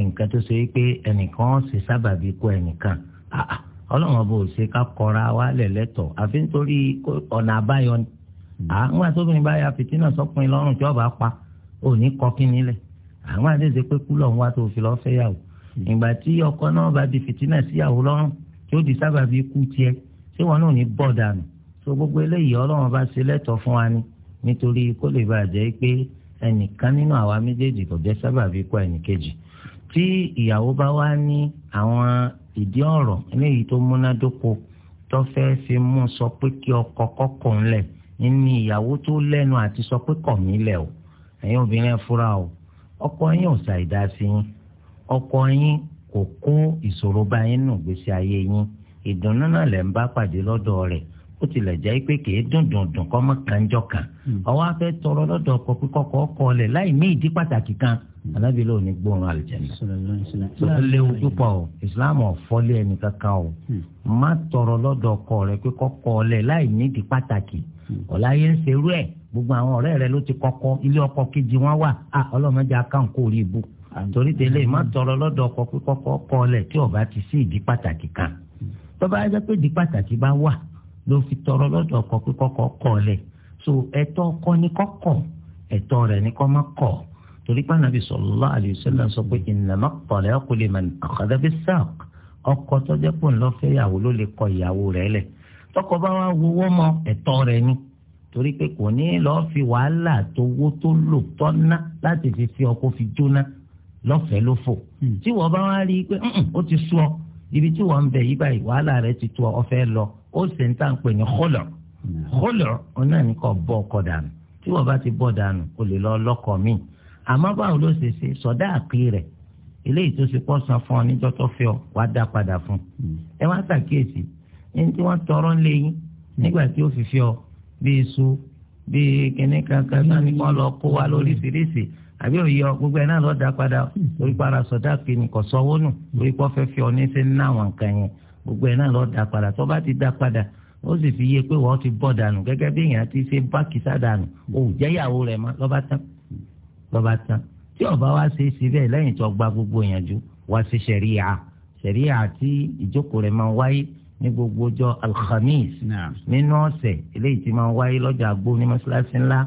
nǹkan tó ṣe wípé ẹnìkan ṣe sábàbí kó ẹnìkan àà ọlọ́run ọba ò ṣe ká kọra wa lẹ̀lẹ́tọ̀ àfi nítorí ọ̀nà àbáyọ ni àwọn hmm. àtòbìnrin bá ya fìtínà sọkùnrin lọ́rùn tí ọba pa ò ní kọ́ kí nílẹ̀ àwọn àdéhùn pé kú lọ́run wá tó fi lọ́ọ́ fẹ́ yàwó hmm. ìgbà tí ọkọ náà bá di fìtínà síyàwó lọ́rùn tí ó di sábà bí kú tiẹ̀ tí wọn náà ní bọ̀ dànù tó gbogbo eléyìí ọlọ́run bá ṣe lẹ́tọ̀ fún wa ni nítorí kó lè bàa jẹ́ pé ẹnìkan nínú àwa méjèèjì kò jẹ́ sábà bí kú ẹnìkejì tí ìyàwó bá wá ní àwọn ìdí ọ̀rọ̀ eléyìí tó múnádóko tó fẹ́ fi mú sọ pé kí ọkọ kọ́kọ́ ńlẹ̀ ní ìyàwó tó lẹ́nu àti sọ pé kọ̀ mí lẹ̀ o ẹ̀yin obìnrin fura o ọkọ yín ò ṣàìdá sí yín ọkọ yín kò kó ìṣòro bá yín nù gbèsè ayé yín ìdùnnú náà lẹ̀ ń bá ó tilẹ̀ jẹ́ pé kì í dùn dùn dùn kọ́ mọ́ kanjọ́ kan ọwọ́ hmm. afẹ́ tọrọ lọ́dọ̀ ọkọ pé kọ́kọ́ kọ́ lẹ̀ láì ní ìdí pàtàkì kan alábí hmm. ló ní gbóòórùn àlùjànnà tó léwu púpọ̀ o islam ọ̀fọ́lé ẹni kankan o hmm. má tọrọ lọ́dọ̀ ọkọ rẹ pé kọ́kọ́ lẹ̀ láì ní ìdí pàtàkì ọ̀la yẹn ń ṣerú ẹ̀ gbogbo àwọn ọ̀rẹ́ rẹ ló ti kọ́kọ́ ilé ọkọ kejì wọn wà á ọlọ́mọdé akáǹkó rí ibú torí tẹ́lẹ̀ má tọrọ lọ́dọ̀ ọkọ pé kọ́ lẹ̀ tí ó ti sí ìdí pàtàkì kan tó bá pé ìdí pàtàkì bá wà ló fi tọrọ lọ́dọ̀ ọkọ pé kọ́kọ́ kọ̀ so ẹ̀tọ́ ọkọ ni kọ́kọ́ ẹ̀tọ́ rẹ̀ ni kọ́ má kọ̀ torí pé Ànábì sallallahu alayhi wa sallam sọ pé innama talaqu liman akhadha bis-saq ọkọ tó jẹ́ pò ń lọ fẹ́ ìyàwó ló lè kọ̀ ìyàwó rẹ̀ lẹ̀ tọkọ bá wá wọ́wọ́ mọ ẹ̀tọ́ rẹ̀ ni torí pé kò ní lọ́ọ́ fi wàhálà tó wó tó lò tọ́ná láti fi fi ọkọ fi jóná lọ́fẹ̀ẹ́ ló fò hmm. tí wọ́n bá wá rí i pé ó ti sú ibi tí wọ́n ń bẹ yí báyìí wàhálà rẹ̀ ti tó ọ lọ ó sì ń tà ń pè ní kólọ kólọ òun ní kò bọ́ ọkọ dànù tí wọ́n bá ti bọ́ dànù o lè lọ lọ́kọ mi àmọ́ báwo ló ṣe ṣe sọ̀dá àpè rẹ̀ eléyìí tó ṣe pọ́ san fún ọ níjọ́ tó fẹ́ ọ wá dá padà fún ẹ wá ṣàkíyèsí ẹni tí wọ́n tọrọ ń lé yín nígbà tí ó fi fi ọ bíi iṣu bíi kìnnì kankan náà ni wọ́n lọ kó wa lóríṣiríṣi àbí òye ọ gbogbo ẹ náà lọ dá padà orí para sọ̀dá àpè nìkan sọ́wọ́ nù orí pọ́ fẹ́ fi ọ ní gbogbo ẹ̀ náà lọ́ọ́ da padà tó bá ti da padà ó sì fi yé pé wọ́n ti bọ́ dànù gẹ́gẹ́ bí èèyàn ti ṣe bá kìsà dànù òun jẹ́yàwó rẹ̀ mọ́ lọ́ba tán lọ́ba tán tí ọba wa ṣe é ṣe bẹ́ẹ̀ lẹ́yìn tó gba gbogbo ìyànjú wá sí ṣẹ̀ríyà ṣẹ̀ríyà tí ìjókòó rẹ̀ máa wáyé ní gbogbo ọjọ́ alhamis nínú ọ̀sẹ̀ eléyìí ti máa wáyé lọ́jà àgbo ní mọ́ṣáláṣí ńlá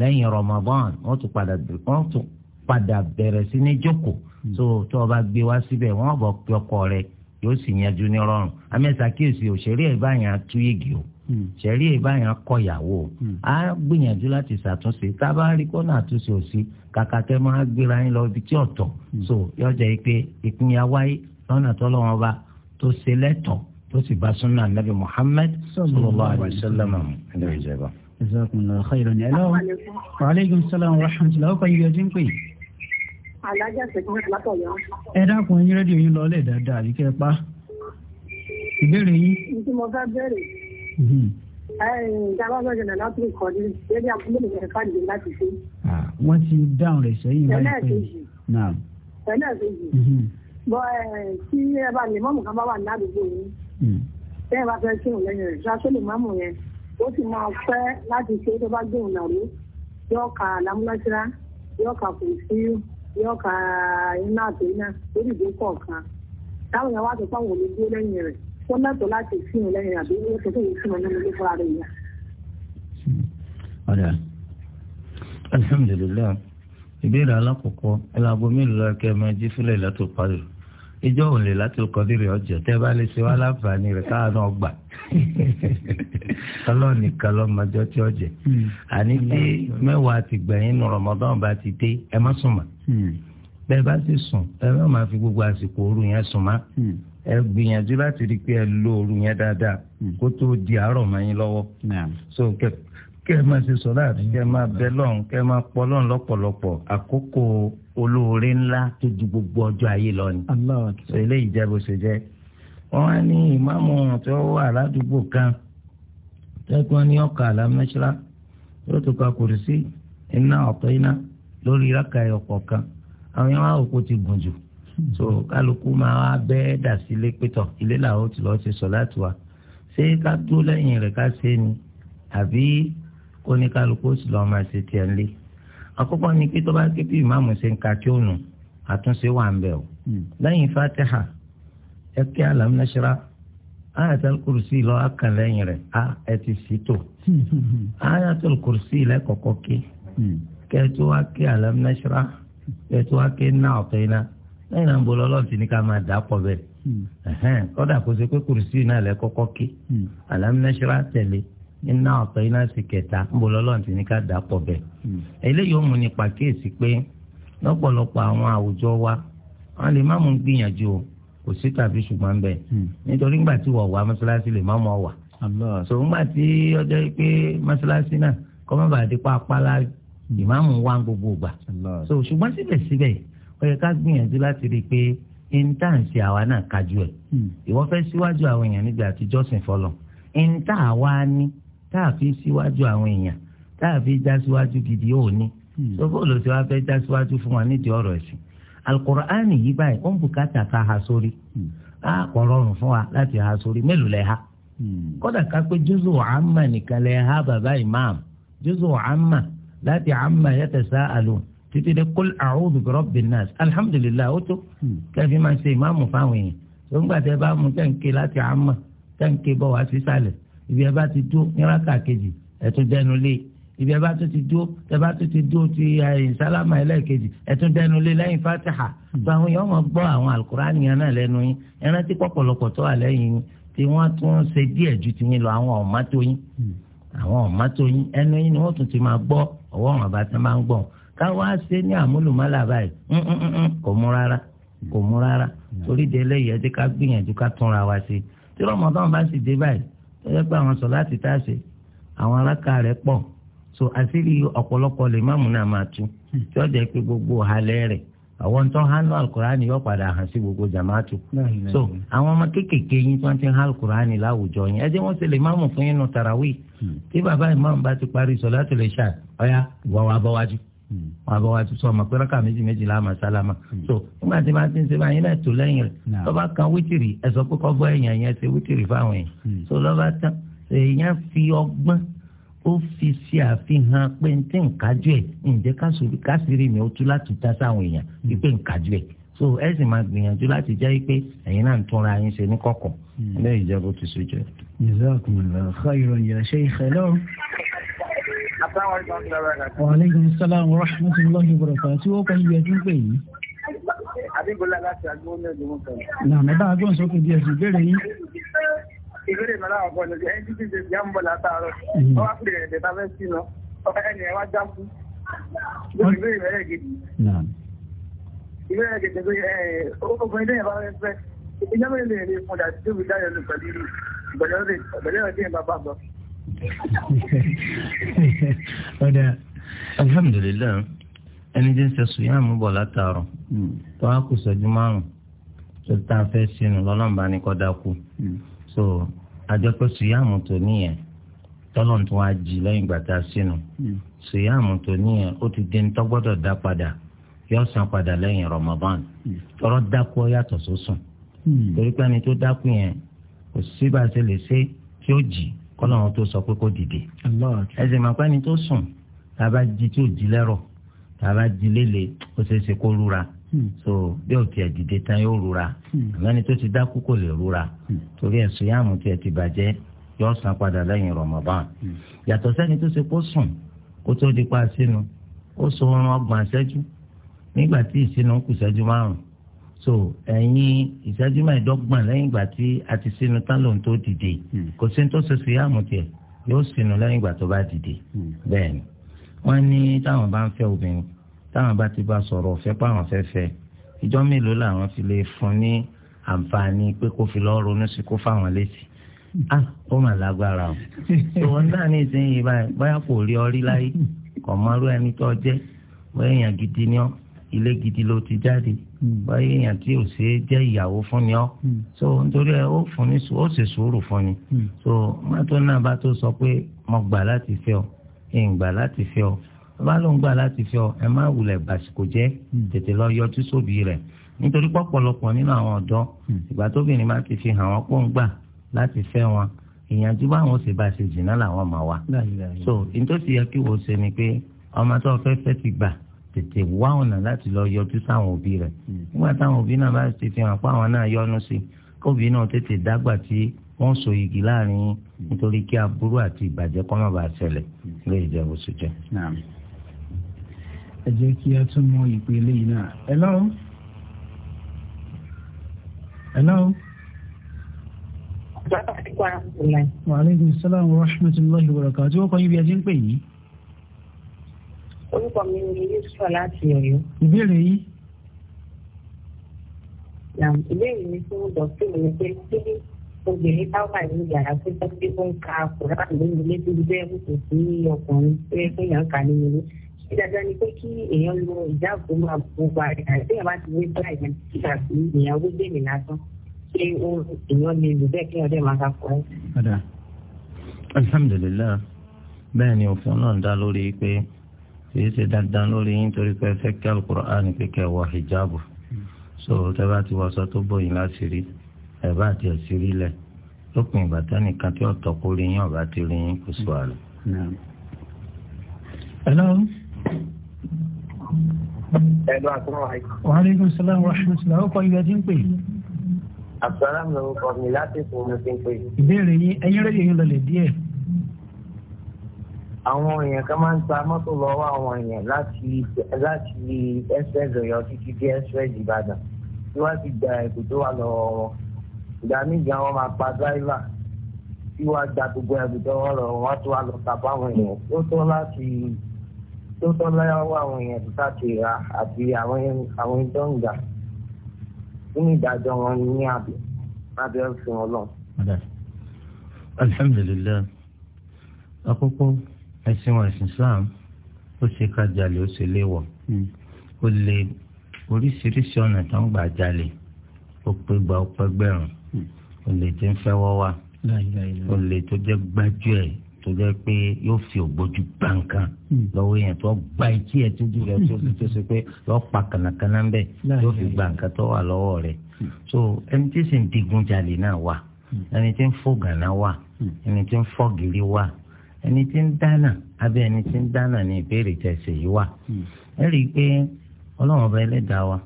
lẹ́yìn ramadan wọ́n tún padà wọ́n tún padà bẹ̀rẹ̀ sí ní jókòó hmm. tó tó ọba gbé wá síbẹ̀ wọ́n bọ̀ pé ọkọ rẹ̀ yóò sì yanjú ní rọrùn amẹ́sà kíyèsí o ṣẹ̀rí ẹ̀ báyà tú yégi o hmm. ṣẹ̀rí ẹ̀ báyà kọ ìyàwó o á hmm. gbìyànjú láti ṣàtúnṣe tá a bá rí kọ́nà àtúnṣe ò sí kàkà tẹ́ máa gbéra yín lọ ibi tí ọ̀tọ̀ hmm. so yọjẹ́ pé ìpínyà wáyé lọ́nà tọ́lọ́wọ́n bá tó ṣe lẹ́tọ̀ọ́ tó sì bá súnà nàbì Muhammad sallallahu alayhi wa sallam ẹ̀dọ̀ ìjẹba alájà ṣẹ̀kún látọ̀yọ́. ẹ dákun ẹyin rédíò yín lọlẹ̀ dáadáa àbí kẹ́ ẹ pa ìbéèrè yín. ǹjẹ́ mo fẹ́ bẹ̀rẹ̀ mhm. ìjàmbá sọ̀rọ̀ náà láti kọ́ ní lórí abúlé mi ẹ̀ka ìdè láti ṣe. wọ́n ti dáhùn rẹ̀ sẹ́yìn báyìí pé ẹ̀lẹ́ kejì bọ́ tí ẹ bá lè mọ́mù kan bá wà ládùúgbò yín mhm. tẹ́ ẹ bá fẹ́ kírun lẹ́yìn rẹ̀ ṣáṣọ́ lè mọ́mù yẹn ó sì máa fẹ́ láti ṣe tó bá gbóhùn náà ló yọ̀ọ̀ka lámúlásíra yọ̀ọ̀ka kò sí yóò ka iná àti iná lórí ìdó kọ̀ọ̀kan táwọn èèyàn wá sọ pé àwọn ò lè dúró lẹ́yìn rẹ̀ wọ́n mẹ́tọ̀ láti sínú lẹ́yìn rẹ̀ àbí wọ́n tètè yìí sínú nínú ilé fúnra rẹ̀ yá. ọ̀dà alhamdulilayi ìbéèrè alákọ̀ọ́kọ́ ẹ̀làgbọ́ mélòó lọ́ọ́ kẹ́ ẹ máa jí sílẹ̀ látò parí ìjọ òun lè láti kọ́dí rẹ̀ ọjọ́ tẹ́ bá lè ṣe wá láǹfààní rẹ̀ káà náà gbà ọlọ́ọ̀nì kan lọ́mọdé ọjọ́ hmm. àní dé mẹ́wàá ti gbẹ̀yìn nù Ramadan bá ti dé ẹ má sùn Hmm. bẹ́ẹ̀ bá ti sùn ẹ má máa fi gbogbo àsìkò òru yẹn sùn má hmm. ẹ gbìyànjú láti rí i pé ẹ lo òru yẹn dáadáa hmm. kó tó di àárọ̀ mọ́ yín lọ́wọ́ so kẹ kẹ máa ṣe sọlá kẹ máa bẹ lọ́run kẹ máa pọ lọ́run lọ́pọ̀lọpọ̀ àkókò olóore ńlá tó ju gbogbo ọjọ́ ayé lọ ni so eléyìí jẹ́ bó ṣe jẹ́ wọ́n á ní ìmáàmù tó wà ládùúgbò kan tẹ́gbọ́n ní ọkà àlámẹ́ṣẹ́lá yóò tó ka lórí rákà ẹyọ kọ̀ọ̀kan àwọn yẹn wá òkú ti gùn jù so kálukú máa wá bẹ́ẹ̀ dà sí ilé pétọ̀ ilé làwọn ti lọ́ọ́ ti sọ láti wá ṣé ká dúró lẹ́yìn rẹ̀ ká ṣe ni àbí kó ní kálukú sì lọ́ọ́ máa ṣe tiẹ̀ lé àkọ́kọ́ ni pé tó bá ké bí ìmáàmù ṣe ń ka kí ó nù àtúnṣe wà ń bẹ̀ o lẹ́yìn fatiha ẹ kí alámúnáṣẹ́ra ayatul kursi lọ akàn lẹ́yìn rẹ̀ ẹ ti sì tó ayatul kursi lẹ́kọ̀ọ́kọ́ ké kẹ́ẹ̀tù wá kí alam nashrah kẹ́ẹ̀tù wá kí ná ọ̀tọ̀ iná lẹ́yìn náà ń bolo ọlọ́run ti na ká máa dà pọ̀ bẹ́ẹ̀ hmm. kọ́dà kó pé lẹ kọ́kọ́ kí hmm. tẹ̀lé sì kẹta ń bolo hmm. wa wọn lè má o kò sí tàbí ṣùgbọ́n bẹ́ẹ̀ nítorí ńgbà tí wọ́n wà mọ́ṣáláṣí so ńgbà tí ọjọ́ pé mọ́ṣáláṣí náà ìmáàmù wa gbogbo gba. so ṣùgbọ́n síbẹ̀síbẹ̀ ó yẹ ká gbìyànjú láti rí i pé intanṣe àwa náà kájú ẹ̀ hmm. ìwọ fẹ́ síwájú àwọn èèyàn nígbà àtijọ́ sìn fọlọ̀ ni tá a fi síwájú àwọn èèyàn tá a fi já síwájú gidi ó ní hmm. so fẹ́ já síwájú fún wa nídìí ọ̀rọ̀ ẹ̀sìn alukur'ani yìí báyìí ó ń bùkátà ká ha sórí hmm. A kọ̀ rọrùn fún wa láti ha sórí mélòó ha kódà ká pé àmà nìkan ha bàbá ìmáàmù àmà láti àmà yàtọ̀ sá àlò títí dé kul a'udhu bi rabbin nas alhamdulilayi ó tó hmm. kẹfì máa ṣe ìmáàmù fáwọn èèyàn tó ń gbà tẹ bá mú tẹ̀ǹkì láti àmà tẹ̀ǹkì bọ̀ wá sí sàlẹ̀ ibi ẹ bá ti dúró ní rákà kejì ẹ̀ tún dẹnu lé ibi ẹ bá tún ti dúró ẹ bá tún ti dúró ti ẹ̀yìn eh, sálámà ẹlẹ́ẹ̀kejì ẹ̀ dẹnu lé lẹ́yìn fatiha báwọn hmm. èèyàn máa gbọ́ àwọn alukur'an yẹn náà lẹ́nu ọwọ́ ọ̀ràn bá ti máa ń gbọ̀n káwá ṣe ní àmúlùmálà báyìí kò mú rárá kò mú rárá torí de eléyìí ẹ jẹ́ ká gbìyànjú ká túnra wa ṣe tí rọmọdán bá sì dé báyìí tó yẹ pé àwọn sọ láti tá a ṣe àwọn aráka rẹ̀ pọ̀ so àṣírí ọ̀pọ̀lọpọ̀ lè má múná máa tú tí ó jẹ́ pé gbogbo halẹ́ rẹ̀ àwọn tó ń hánú alukurani yóò padà hàn sí gbogbo jamaatu so àwọn ọmọ kéékèèké yín tí wọ́n ti ń hán alukurani láwùjọ yín ẹ jẹ́ wọ́n ṣe lè má mú fún yín nù tarawih tí bàbá ìmáàmù bá ti parí sọ̀láàtù ìṣà ọ̀yà ìwà wa bọ́ wájú wà bá wa ti sọ ọmọ pé rákà méjì méjì la máa sálámà hmm. so nígbà tí máa ti ń ṣe báyìí náà tó lẹ́yìn rẹ̀ lọ́ba kan wítìrì ẹ sọ pé kọ́gbọ́ èèyàn yẹn ṣe wítìrì fáwọn èèyàn hmm. so lọ́ba tán èèyàn fi ọgbọ́n ó fi ṣe àfihàn pé n tí nkájú ẹ̀ ǹjẹ́ káṣírí mi ó tú láti dá sáwọn èèyàn hmm. wípé nkájú ẹ̀ so ẹ sì máa gbìyànjú láti jẹ́ pé ẹ̀yin náà ń túnra yín ṣe ní kọ̀kọ̀ lẹ́yìn ìjẹ́bù ti ṣe jẹ́ jazakumullahu khairan ya shaykhana. wa aleykum salaam wa rahmatulahi wa barakatuh ó kọ́ ibi نعم pé yìí. àdìgbòlá láti àgbọn ní ọdún kan. nàmẹ bá a gbọ́n sókè díẹ̀ sí ìbéèrè yín. ìbéèrè mẹ́ta wà fún ẹni ẹni tí ti ti ń bọ̀ látàárọ̀ ọwọ́ àpèrè ẹ̀dẹ̀ tá fẹ́ sí lọ ọkọ ẹni ẹ wá já kú. lórí ìbéèrè mẹ́rẹ̀ gidi. ìbéèrè gidi pé ọkùnrin náà bá fẹ́ fẹ́ ìjọba ilé ìlú ìfúnjà tó fi dáyọ̀ lù pẹ̀lú ọ̀dà alhamdulilayi ẹni tí ń ṣe sùyàmù bọ̀ látàárọ̀ hmm. tó a kù sọ́jú márùn tó tá a fẹ́ sínú lọ́lọ́mùbá ni kò dákú hmm. so àjọpẹ́ sùyàmù tó níyẹn tọ́lọ̀ tó wá jí lẹ́yìn ìgbà tá a sínú hmm. sùyàmù tó níyẹn ó ti di tó gbọ́dọ̀ dá padà yóò san padà lẹ́yìn Ramadan tọ́rọ́ dákú ọ yàtọ̀ sósùn torí pé ẹni tó dákú yẹn kò sí bá a ṣe lè ṣe tí ó jì kọ́nà wọn tó sọ pé kó dìde. ẹsẹ̀ máa pẹ́ni tó sùn tá a bá jí tí ò jí lẹ́rọ̀ tá a bá jí lélẹ̀ ó ṣeé ṣe kó rúra hmm. so bí o tiẹ̀ dìde tán yóò rúra hmm. àmọ́ni tó ti dákú kò lè rúra hmm. torí ẹ̀sùn yàmù tiẹ̀ ti bàjẹ́ yóò san padà lẹ́yìn Ramadan yàtọ̀ sẹ́ni tó ṣe kó sùn kó tó di pa sínú ó so oorun ọgbọ̀n ṣẹ́jú nígbà tí ìsínú kù ṣẹ́jú márùn-ún so ẹ̀yin ìṣẹ́jú mẹ́ẹ̀ẹ́dọ́gbọ̀n lẹ́yìn ìgbà tí a ti sínú tán lòun tó dìde hmm. kò sí ní tó ṣe síyàmù tiẹ̀ yóò sínú lẹ́yìn ìgbà tó bá dìde hmm. bẹ́ẹ̀ ni wọ́n ní táwọn bá ń fẹ́ obìnrin táwọn bá ti bá sọ̀rọ̀ ọ̀fẹ́ páwọn fẹ́ fẹ́ ìjọ́ mélòó làwọn fi lè fún ní àǹfààní pé kó fi lọ́ọ́ ronú sí kó fáwọn létí ah ó mà lágbára o tòun náà ní ìsinyìí báyà kò rí ọ rí láyé kò mọ irú ẹni tó jẹ́ bóyá ilé gidi ló ti jáde hmm. báyìí èèyàn tí ò ṣe é jẹ́ ìyàwó fún ni ọ́ hmm. so nítorí ẹ ó fún ní ó sì sùúrù fún ni hmm. so mọ́tò náà bá tó sọ pé mo gbà láti fẹ́ ọ ń gbà láti fẹ́ ọ bá ló ń gbà láti fẹ́ ọ ẹ má wulẹ̀ bàṣìkò jẹ́ tètè lọ yọjú sóbì rẹ̀ nítorí pọ̀pọ̀lọpọ̀ nínú àwọn ọ̀dọ́ ìgbà tóbìnrin bá ti fi hàn wọ́n pọ̀ ń gbà láti fẹ́ wọn ìyànjú báwọn ṣe bá ṣe jìnnà làwọn máa wà so ìtòsí yẹ kí wọ́n ṣe ni pé ọmọ tó fẹ́ fẹ́ ti gbà tètè wá ọ̀nà láti lọ yọjú sáwọn òbí rẹ̀ hmm. nígbà táwọn òbí náà bá ti fi hàn pé àwọn náà yọnu sí kóbi náà tètè dágbà tí wọ́n so igi láàrin yín hmm. nítorí kí aburú àti ìbàjẹ́ kọ́ má ṣẹlẹ̀ hmm. lè jẹ́ bó ṣe ẹ jẹ́ kí a tún mọ ìpele yìí náà. hello hello. wa aleykum salaam wa rahmatulahi wa barakatuh tí wọ́n kọ́ yín bí ẹ ti ń pè yín orúkọ mi ni yusuf láti Ọ̀yọ́. ìbéèrè yìí. ìbéèrè mi fún dọ́kítà mi pé kí obìnrin bá wà ní yàrá tó jẹ́ pé ó ń ka kùrán lórí ilé tó bẹ́ẹ̀ kò sí ọkùnrin tó yẹ fún yàn ká nínú ilé dáadáa ni pé kí èèyàn lo ìdáàbò máa gbogbo àrẹ àti èèyàn bá ti wé bá ìyẹn títà sí èèyàn wé bèèrè lásán ṣé ó èèyàn lè lò bẹ́ẹ̀ kí ọdẹ máa ka kọ́ ẹ. alhamdulilayi bẹ́ẹ̀ òfin náà dá lórí pé kìí ṣe dandan lórí yín torí pé ẹ fẹ́ kí alukur'an kékeré wọ hijabu so tẹ́ bá ti wọṣọ tó bóyin láti rí ẹ bá ti ẹ̀ sí rí lẹ̀ lópin ìgbà tẹ́nìkan tí ọ̀tọ̀ kó rí yín ọ̀bá ti rí yín kò sí wàhálà. hello. ẹ̀dọ́ àkúrò àìkú. wa alaikum salaam wa rahmatullah ọkọ̀ ìgbà tí ń pè. àbúrò àmì lórúkọ mi láti fún mi ti ń pè. ìbéèrè yín ẹyin rẹ̀ yẹn lọlẹ̀ díẹ̀ àwọn èèyàn kan máa ń ta mọ́tò lọ́wọ́ àwọn èèyàn láti láti express ọ̀yọ́ títí dé express ìbàdàn tí wọ́n ti gba ẹ̀kú tó wà lọ́wọ́ wọn ìgbà míì gan wọn máa pa dráìvà tí wọ́n gba gbogbo ẹ̀kú tó wọ́n lọ wọ́n tó wà lọ tàbá àwọn èèyàn tó tọ́ láti tó tọ́ lọ́wọ́ àwọn èèyàn tó tàbí ra àti àwọn àwọn ìdọ́ǹgà nínú ìdájọ́ wọn ní àbẹ̀ àbẹ̀ ọ̀sìn ọlọ́run. alhamdulilayi àkọ́kọ́ ẹ̀sìn wọn ẹ̀sìn Islam ó ṣe ká jalè ó ṣe léwọ̀ hmm. ó lè oríṣiríṣi ọ̀nà tó ń gbà jalè ó pé gba ó pẹ́ gbẹ̀rún hmm. ó lè tí ń fẹ́wọ́ wá ó lè tó jẹ́ gbájú ẹ̀ tó jẹ́ pé yóò fi ògbójú gbà nǹkan hmm. lọ́wọ́ èèyàn tó gba etí ẹ̀ tó jù rẹ̀ tó fi tó ṣe pé lọ́ọ́ pa kànákànná ń bẹ̀ yóò fi gbà nǹkan tó wà lọ́wọ́ rẹ̀ so ẹni tí sì ń digun jalè náà wà ẹni tí ń fò gànà wà ẹni tí ń fọ́ gírí wà ẹni tí ń dáná abẹ́ ẹni tí ń dáná ni ìbéèrè tẹ̀sẹ̀ yìí wà hmm. ẹ rí i pé ọlọ́run ọba ẹlẹ́dàá wa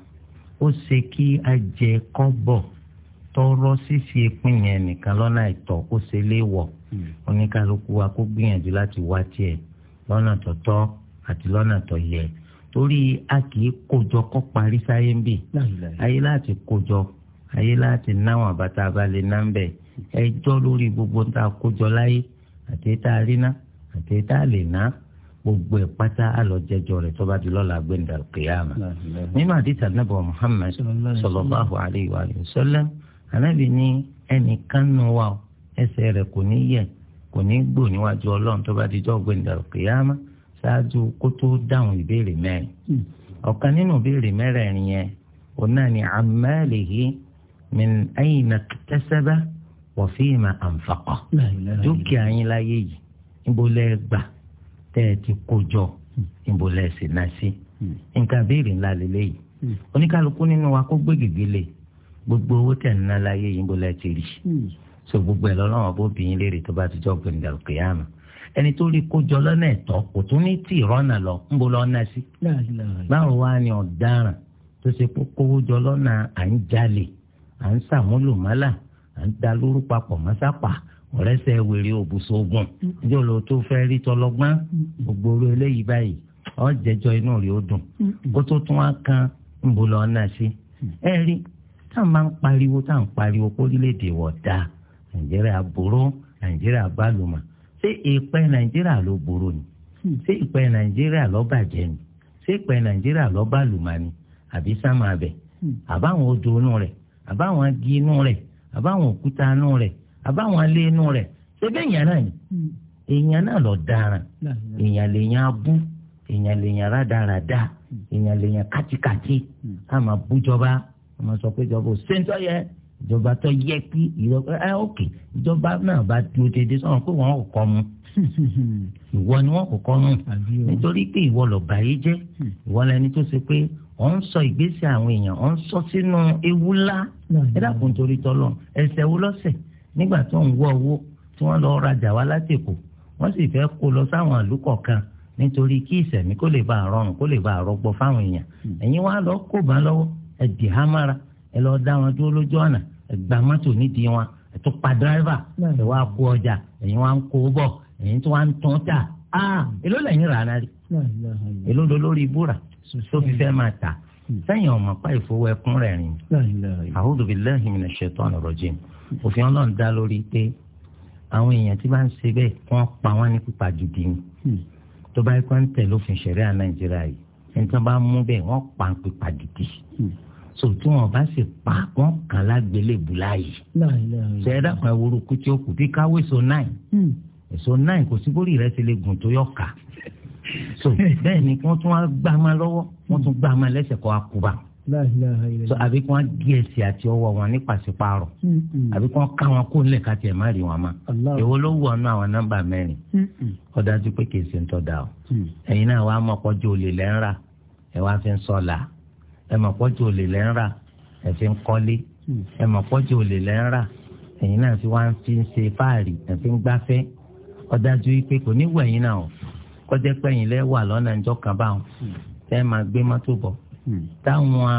ó ṣe kí a tọrọ ṣíṣe pín yẹn nìkan lọ́nà itọ ó ṣe léèwọ̀ hmm. oníkálukú wa kó gbìyànjú láti wá tiẹ̀ lọ́nà tó àti lọ́nà tó a kì í kójọ kó parí sáyé ń bì ayé láti kójọ ayé láti náwọn bàtà náà ń gbogbo ń ta àti ètà àríná àti ètà àlèná gbogbo ẹ̀ pátá àlọ́jẹjọ rẹ̀ tó bá di lọ́la gbẹ̀ndà kìyàmà. nínú àdìsá nàbà Muhammad sallallahu alayhi wa sallam anábì ní ẹnìkan nù wa ẹsẹ̀ rẹ̀ kò ní yẹ̀ kò ní gbò níwájú ọlọ́run tó bá di jọ́ gbẹ̀ndà kìyàmà ṣáájú kó tó dáhùn ìbéèrè mẹ́rin. ọ̀kan nínú ìbéèrè mẹ́rẹ̀ẹ̀rin yẹn òun náà ni amalihi min ayna iktasaba wọ́n fi ìmọ̀ ànfàkọ́ dúkìá yín láyé yìí níbo gbà tẹ́ ẹ ti kó jọ hmm. níbo lẹ́ sí hmm. nǹkan béèrè ńlá hmm. nínú wa kó lè gbogbo owó tẹ̀ ń ná láyé yìí ti rí so gbogbo ẹ̀ léèrè tó bá ti jọ ẹni tó rí lọ́nà ẹ̀tọ́ kò tún ní tì rọ́nà lọ à ń da lóru papọ̀ mọ́sápà ọ̀rẹ́sẹ̀ wèrè òbùsọ̀gùn yóò lọ tó fẹ́ rí tọlọ́gbọ́n gbogbo orí eléyìí báyìí ọ jẹjọ inú rẹ̀ ó dùn tó tún kan ń bò lọ́ọ́ náà sí. ẹ rí tá à ń pariwo tá à ń pariwo kórílẹ̀ nàìjíríà nàìjíríà bálùmọ̀ ṣé ìpẹ́ nàìjíríà ló ni ṣé ìpẹ́ nàìjíríà ló bàjẹ́ ni ṣé ìpẹ́ ni àbí sámà bẹ̀ àbáwọn odò inú rẹ̀ àbáwọn àbáwọn òkúta inú rẹ̀ àbáwọn alé inú rẹ̀ ṣé bẹ́ẹ̀ náà ni hmm. èèyàn náà lọ dáràn èèyàn lèèyàn abú èèyàn lèèyàn rádaràdà hmm. èèyàn lèèyàn kátikáti á hmm. máa bújọba á máa sọ pé ìjọba ò séńtọ́ yẹ ìjọba tó yẹ kí ìjọba ẹ òkè ìjọba náà bá dúró déédéé sọ̀rọ̀ pé wọ́n kò kọ́ mu ìwọ ni wọn kò kọ́ nù nítorí pé ìwọ lọ bàyé jẹ́ ìwọ lẹni tó ṣe pé ọ ń sọ ìgbésí àwọn èèyàn ọ ń sọ sínú ewu ńlá ẹ dákun torí tọlọ ẹsẹ wo lọsẹ nígbà tó ń wọ owó tí wọ́n lọ rajà wá láti Èkó wọ́n sì fẹ́ kó lọ sáwọn ìlú kọ̀ọ̀kan nítorí kí ìsẹ̀mí kó lè bá a rọrùn kó lè bá a rọgbọ fáwọn èèyàn hmm. ẹ̀yin wá lọ kó bá lọ́wọ́ ẹ dì hámára ẹ lọ dá wọn dúró lójú ọ̀nà ẹ mọ́tò nídìí wọn ẹ pa dírẹ́fà ẹ wá kó ọjà ẹ̀yin wá ń kó bọ̀ ẹ̀yin tó wá ń tán tà á èló lẹ́yìn rà náà rí èló lólórí ibú rà sófin fẹ́ máa tà hmm. sẹ́yìn ọmọ pa ìfowó ẹkún rẹ̀ rìn a'udhu billahi minash shaitanir rajim òfin ọlọ́run dá lórí pé àwọn èèyàn tí bá ń ṣe bẹ́ẹ̀ wọ́n pa wọ́n ní pípa gidi ni hmm. tó bá ikú ń tẹ̀ lófin ṣẹ̀ríà nàìjíríà yìí ẹni tó bá mú bẹ́ẹ̀ wọ́n pa ń pípa gidi hmm. so tí wọn bá sì pa wọ́n kàn lágbélébùú láàyè ṣe é dàpọ̀ ẹwúrú kú tí ó kù bí káwé so náì so náì kò sí bórí rẹ ti lè gùn tó yọ ká so hmm. bẹ́ẹ̀ ni wọ́n tún wá gbá ma lọ́wọ́ wọ́n tún gbá ma lẹ́sẹ̀ kọ́ akuba so àbí kí wọ́n gé ẹsẹ̀ àti ọwọ́ wọn ní pàṣípààrọ̀ hmm, hmm. àbí kí wọ́n ká wọn kó nílẹ̀ ká tiẹ̀ má rí wọn ma èwo ló wù ọ́nà àwọn nọ́mbà mẹ́rin ó dájú pé kìí ṣe ń tọ́ o ẹ̀yin náà wàá mọ̀ pọ́jú olè lẹ́ ń rà ẹ̀ wá fi ń sọ̀la ẹ̀ mọ̀ pọ́jú olè lẹ́ ń rà ẹ̀ fi ń kọ́lé ẹ̀ mọ̀ pọ́jú olè lẹ́ ń rà ẹ̀yin náà fi wá ń fi ń ṣe fáàrí ẹ̀ fi ń gbáfẹ́ ó dájú pé kò ní wù ẹ̀yin náà o kọjá pẹ́yìn lẹ́wà lọ́nà ìjọ kan báwọn tẹ́ máa gbé mọ́tò bọ̀ hmm. táwọn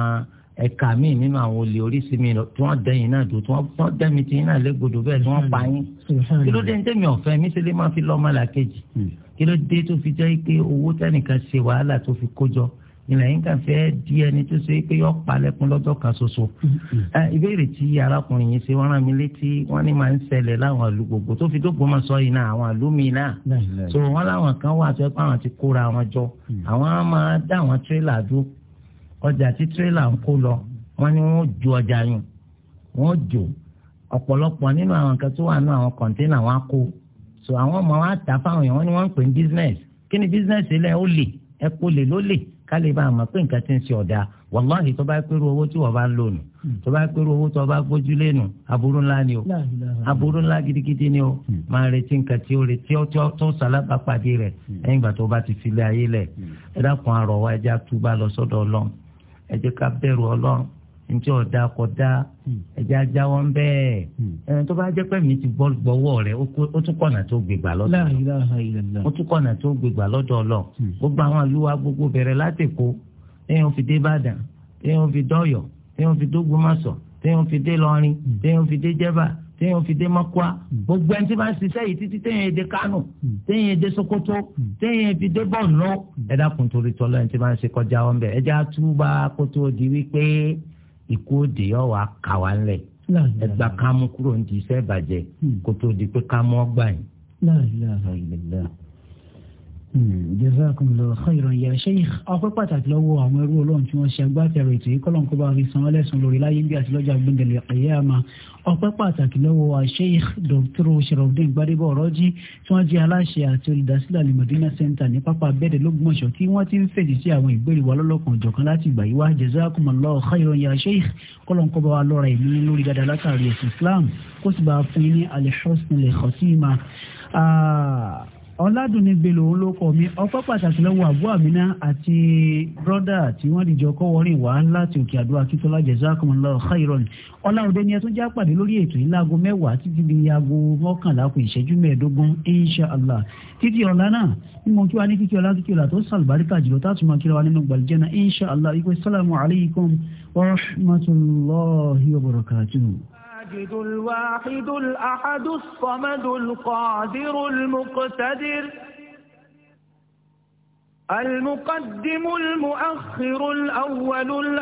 ẹ̀ka míì nínú àwọn olè oríṣi mi tí wọ́n dẹ́yìn náà dùn tí wọ́n dẹ́mi tí yín náà légbodò bẹ́ẹ̀ tí wọ́n pa yín kí ló dé ní tẹ́mi ọ̀fẹ́ mi ṣe lè máa fi lọ́ọ́ mọ́lá hmm. kí ló dé tó fi jẹ́ pé owó tẹ́nìkan ṣe wàhálà tó fi kó jọ ìlà yín kàn fẹ́ di ẹni tó ṣe pé yọ palẹ̀kùn lọ́jọ́ kan ṣoṣo. Mm-hmm. ìbéèrè tí arákùnrin yìí ṣe wọ́n rán mi létí wọ́n ní máa ń ṣẹlẹ̀ láwọn àlù gbogbo tó fi dógbò máa sọ yìí náà àwọn àlù mi náà. so wọ́n láwọn kan wà tó ẹ pé àwọn ti kóra wọn jọ mm. àwọn á máa dá àwọn tírélà dúró ọjà tí tírélà ń kó lọ wọ́n ní wọ́n ju ọjà yùn wọ́n jò ọ̀pọ̀lọpọ̀ nínú àwọn kan tó wà nínú àwọn kọ̀ńténà wọn kó so àwọn ọmọ wa tà fáwọn business kí business ilẹ̀ ó lè ẹ kálí bá a mọ̀ pé nǹkan ti ń ṣe ọ̀dà wàláhì tó bá pẹ́rù owó tí wọ́n bá ń lò nù hmm. tó bá pẹ́rù owó tó bá gbójú lé nù aburú ńlá ni o aburú ńlá gidigidi ni o hmm. máa retí nǹkan tí o retí ó tó sálábà pàdé rẹ̀ hmm. ẹ̀yìn ìgbà tó bá ti filẹ̀ ayé lẹ̀ ẹ dákun àrọ̀ wa ẹ àtúbà lọ sọ́dọ̀ ọlọ́run ẹ ká bẹ̀rù ọlọ́run ntí ọ̀dà kọ̀dà hmm. ẹ̀jẹ̀ ajá wọn bẹ́ẹ̀ hmm. ẹ̀rọ tó bá jẹ́ pé mi ti bọ́ gbọ́wọ́ rẹ̀ ó tún kọ̀nà tó gbégbà lọ́dọ̀ ọlọ́ ó tún kọ̀nà tó gbégbà lọ́dọ̀ ọlọ́ hmm. gbogbo àwọn àlùwà gbogbo bẹ̀rẹ̀ láti kó téèyàn fi dé Ìbàdàn téèyàn fi dọ́yọ̀ téèyàn fi dógbómọ̀ṣọ́ téèyàn fi dé lọ́rin téèyàn fi dé jẹ́bà téèyàn fi dé mọ́kúá gbogbo ẹni tí wọ́n ṣiṣẹ́ yìí títí téèyàn èdè Kánò téèyàn èdè Sokoto téèyàn fi dé Borno ẹ̀dá kùntòrítọ́ lọ́yìn tí wọ́n ṣe kọjá wọn bẹ̀ ẹ̀dá túbà kótó di wípé ikú òde yọ wá kà wá ńlẹ̀ ẹ gba kámú kúrò ní ti iṣẹ́ ìbàjẹ́ hmm. kó di pé kámú ọgbà yìí. Hmm, jazakumullahu khairan ya sheikh ọpẹ́ pàtàkì lọ́wọ́ àwọn ẹrú Ọlọ́run tí wọ́n ṣe agbátẹrù ètò yìí kọlọn kó bá fi san ẹlẹsùn lórí láyé bí àti lọ́jọ́ àgbẹndẹlẹ ẹyàmà ọpẹ́ pàtàkì lọ́wọ́ sheikh dr sherofdin gbadebo ọrọjì tí wọ́n jẹ́ aláṣẹ àti olùdásílẹ̀ alimọdínà center ní pápá abẹdẹ lọgbọmọṣọ tí wọ́n ti ń fèdí sí àwọn ìbéèrè wa lọlọkan ọjọ́kan láti ìgbà yìí wá jazakumullahu khairan ya ọ̀làdùnní belò ń lókọ̀ mi ọpẹ́ pàtàkì lọ́wọ́ àbú àmínà àti brọ́dà tí wọ́n dìjọ kọ́ wọ́rin wá láti òkè àdó akíntọ́lá jazakumullahu khairan ọ̀làwọ̀dé ni ẹ tún já pàdé lórí ètò yìí láago mẹ́wàá títí di aago mọ́kànlá kù ìṣẹ́jú mẹ́ẹ̀ẹ́dógún insha allah títí ọ̀la náà bí mo kí wa ní kíkí ọ̀la kíkí ọ̀la tó sàlùbáríkà jùlọ tátùmọ̀ kí wa nínú gbàlùjẹ́nà insha allah wípé sálàmù alaykum wa rahmatulahi wa barakatuhu. المجد الواحد الأحد الصمد القادر المقتدر المقدم المؤخر الأول الآخر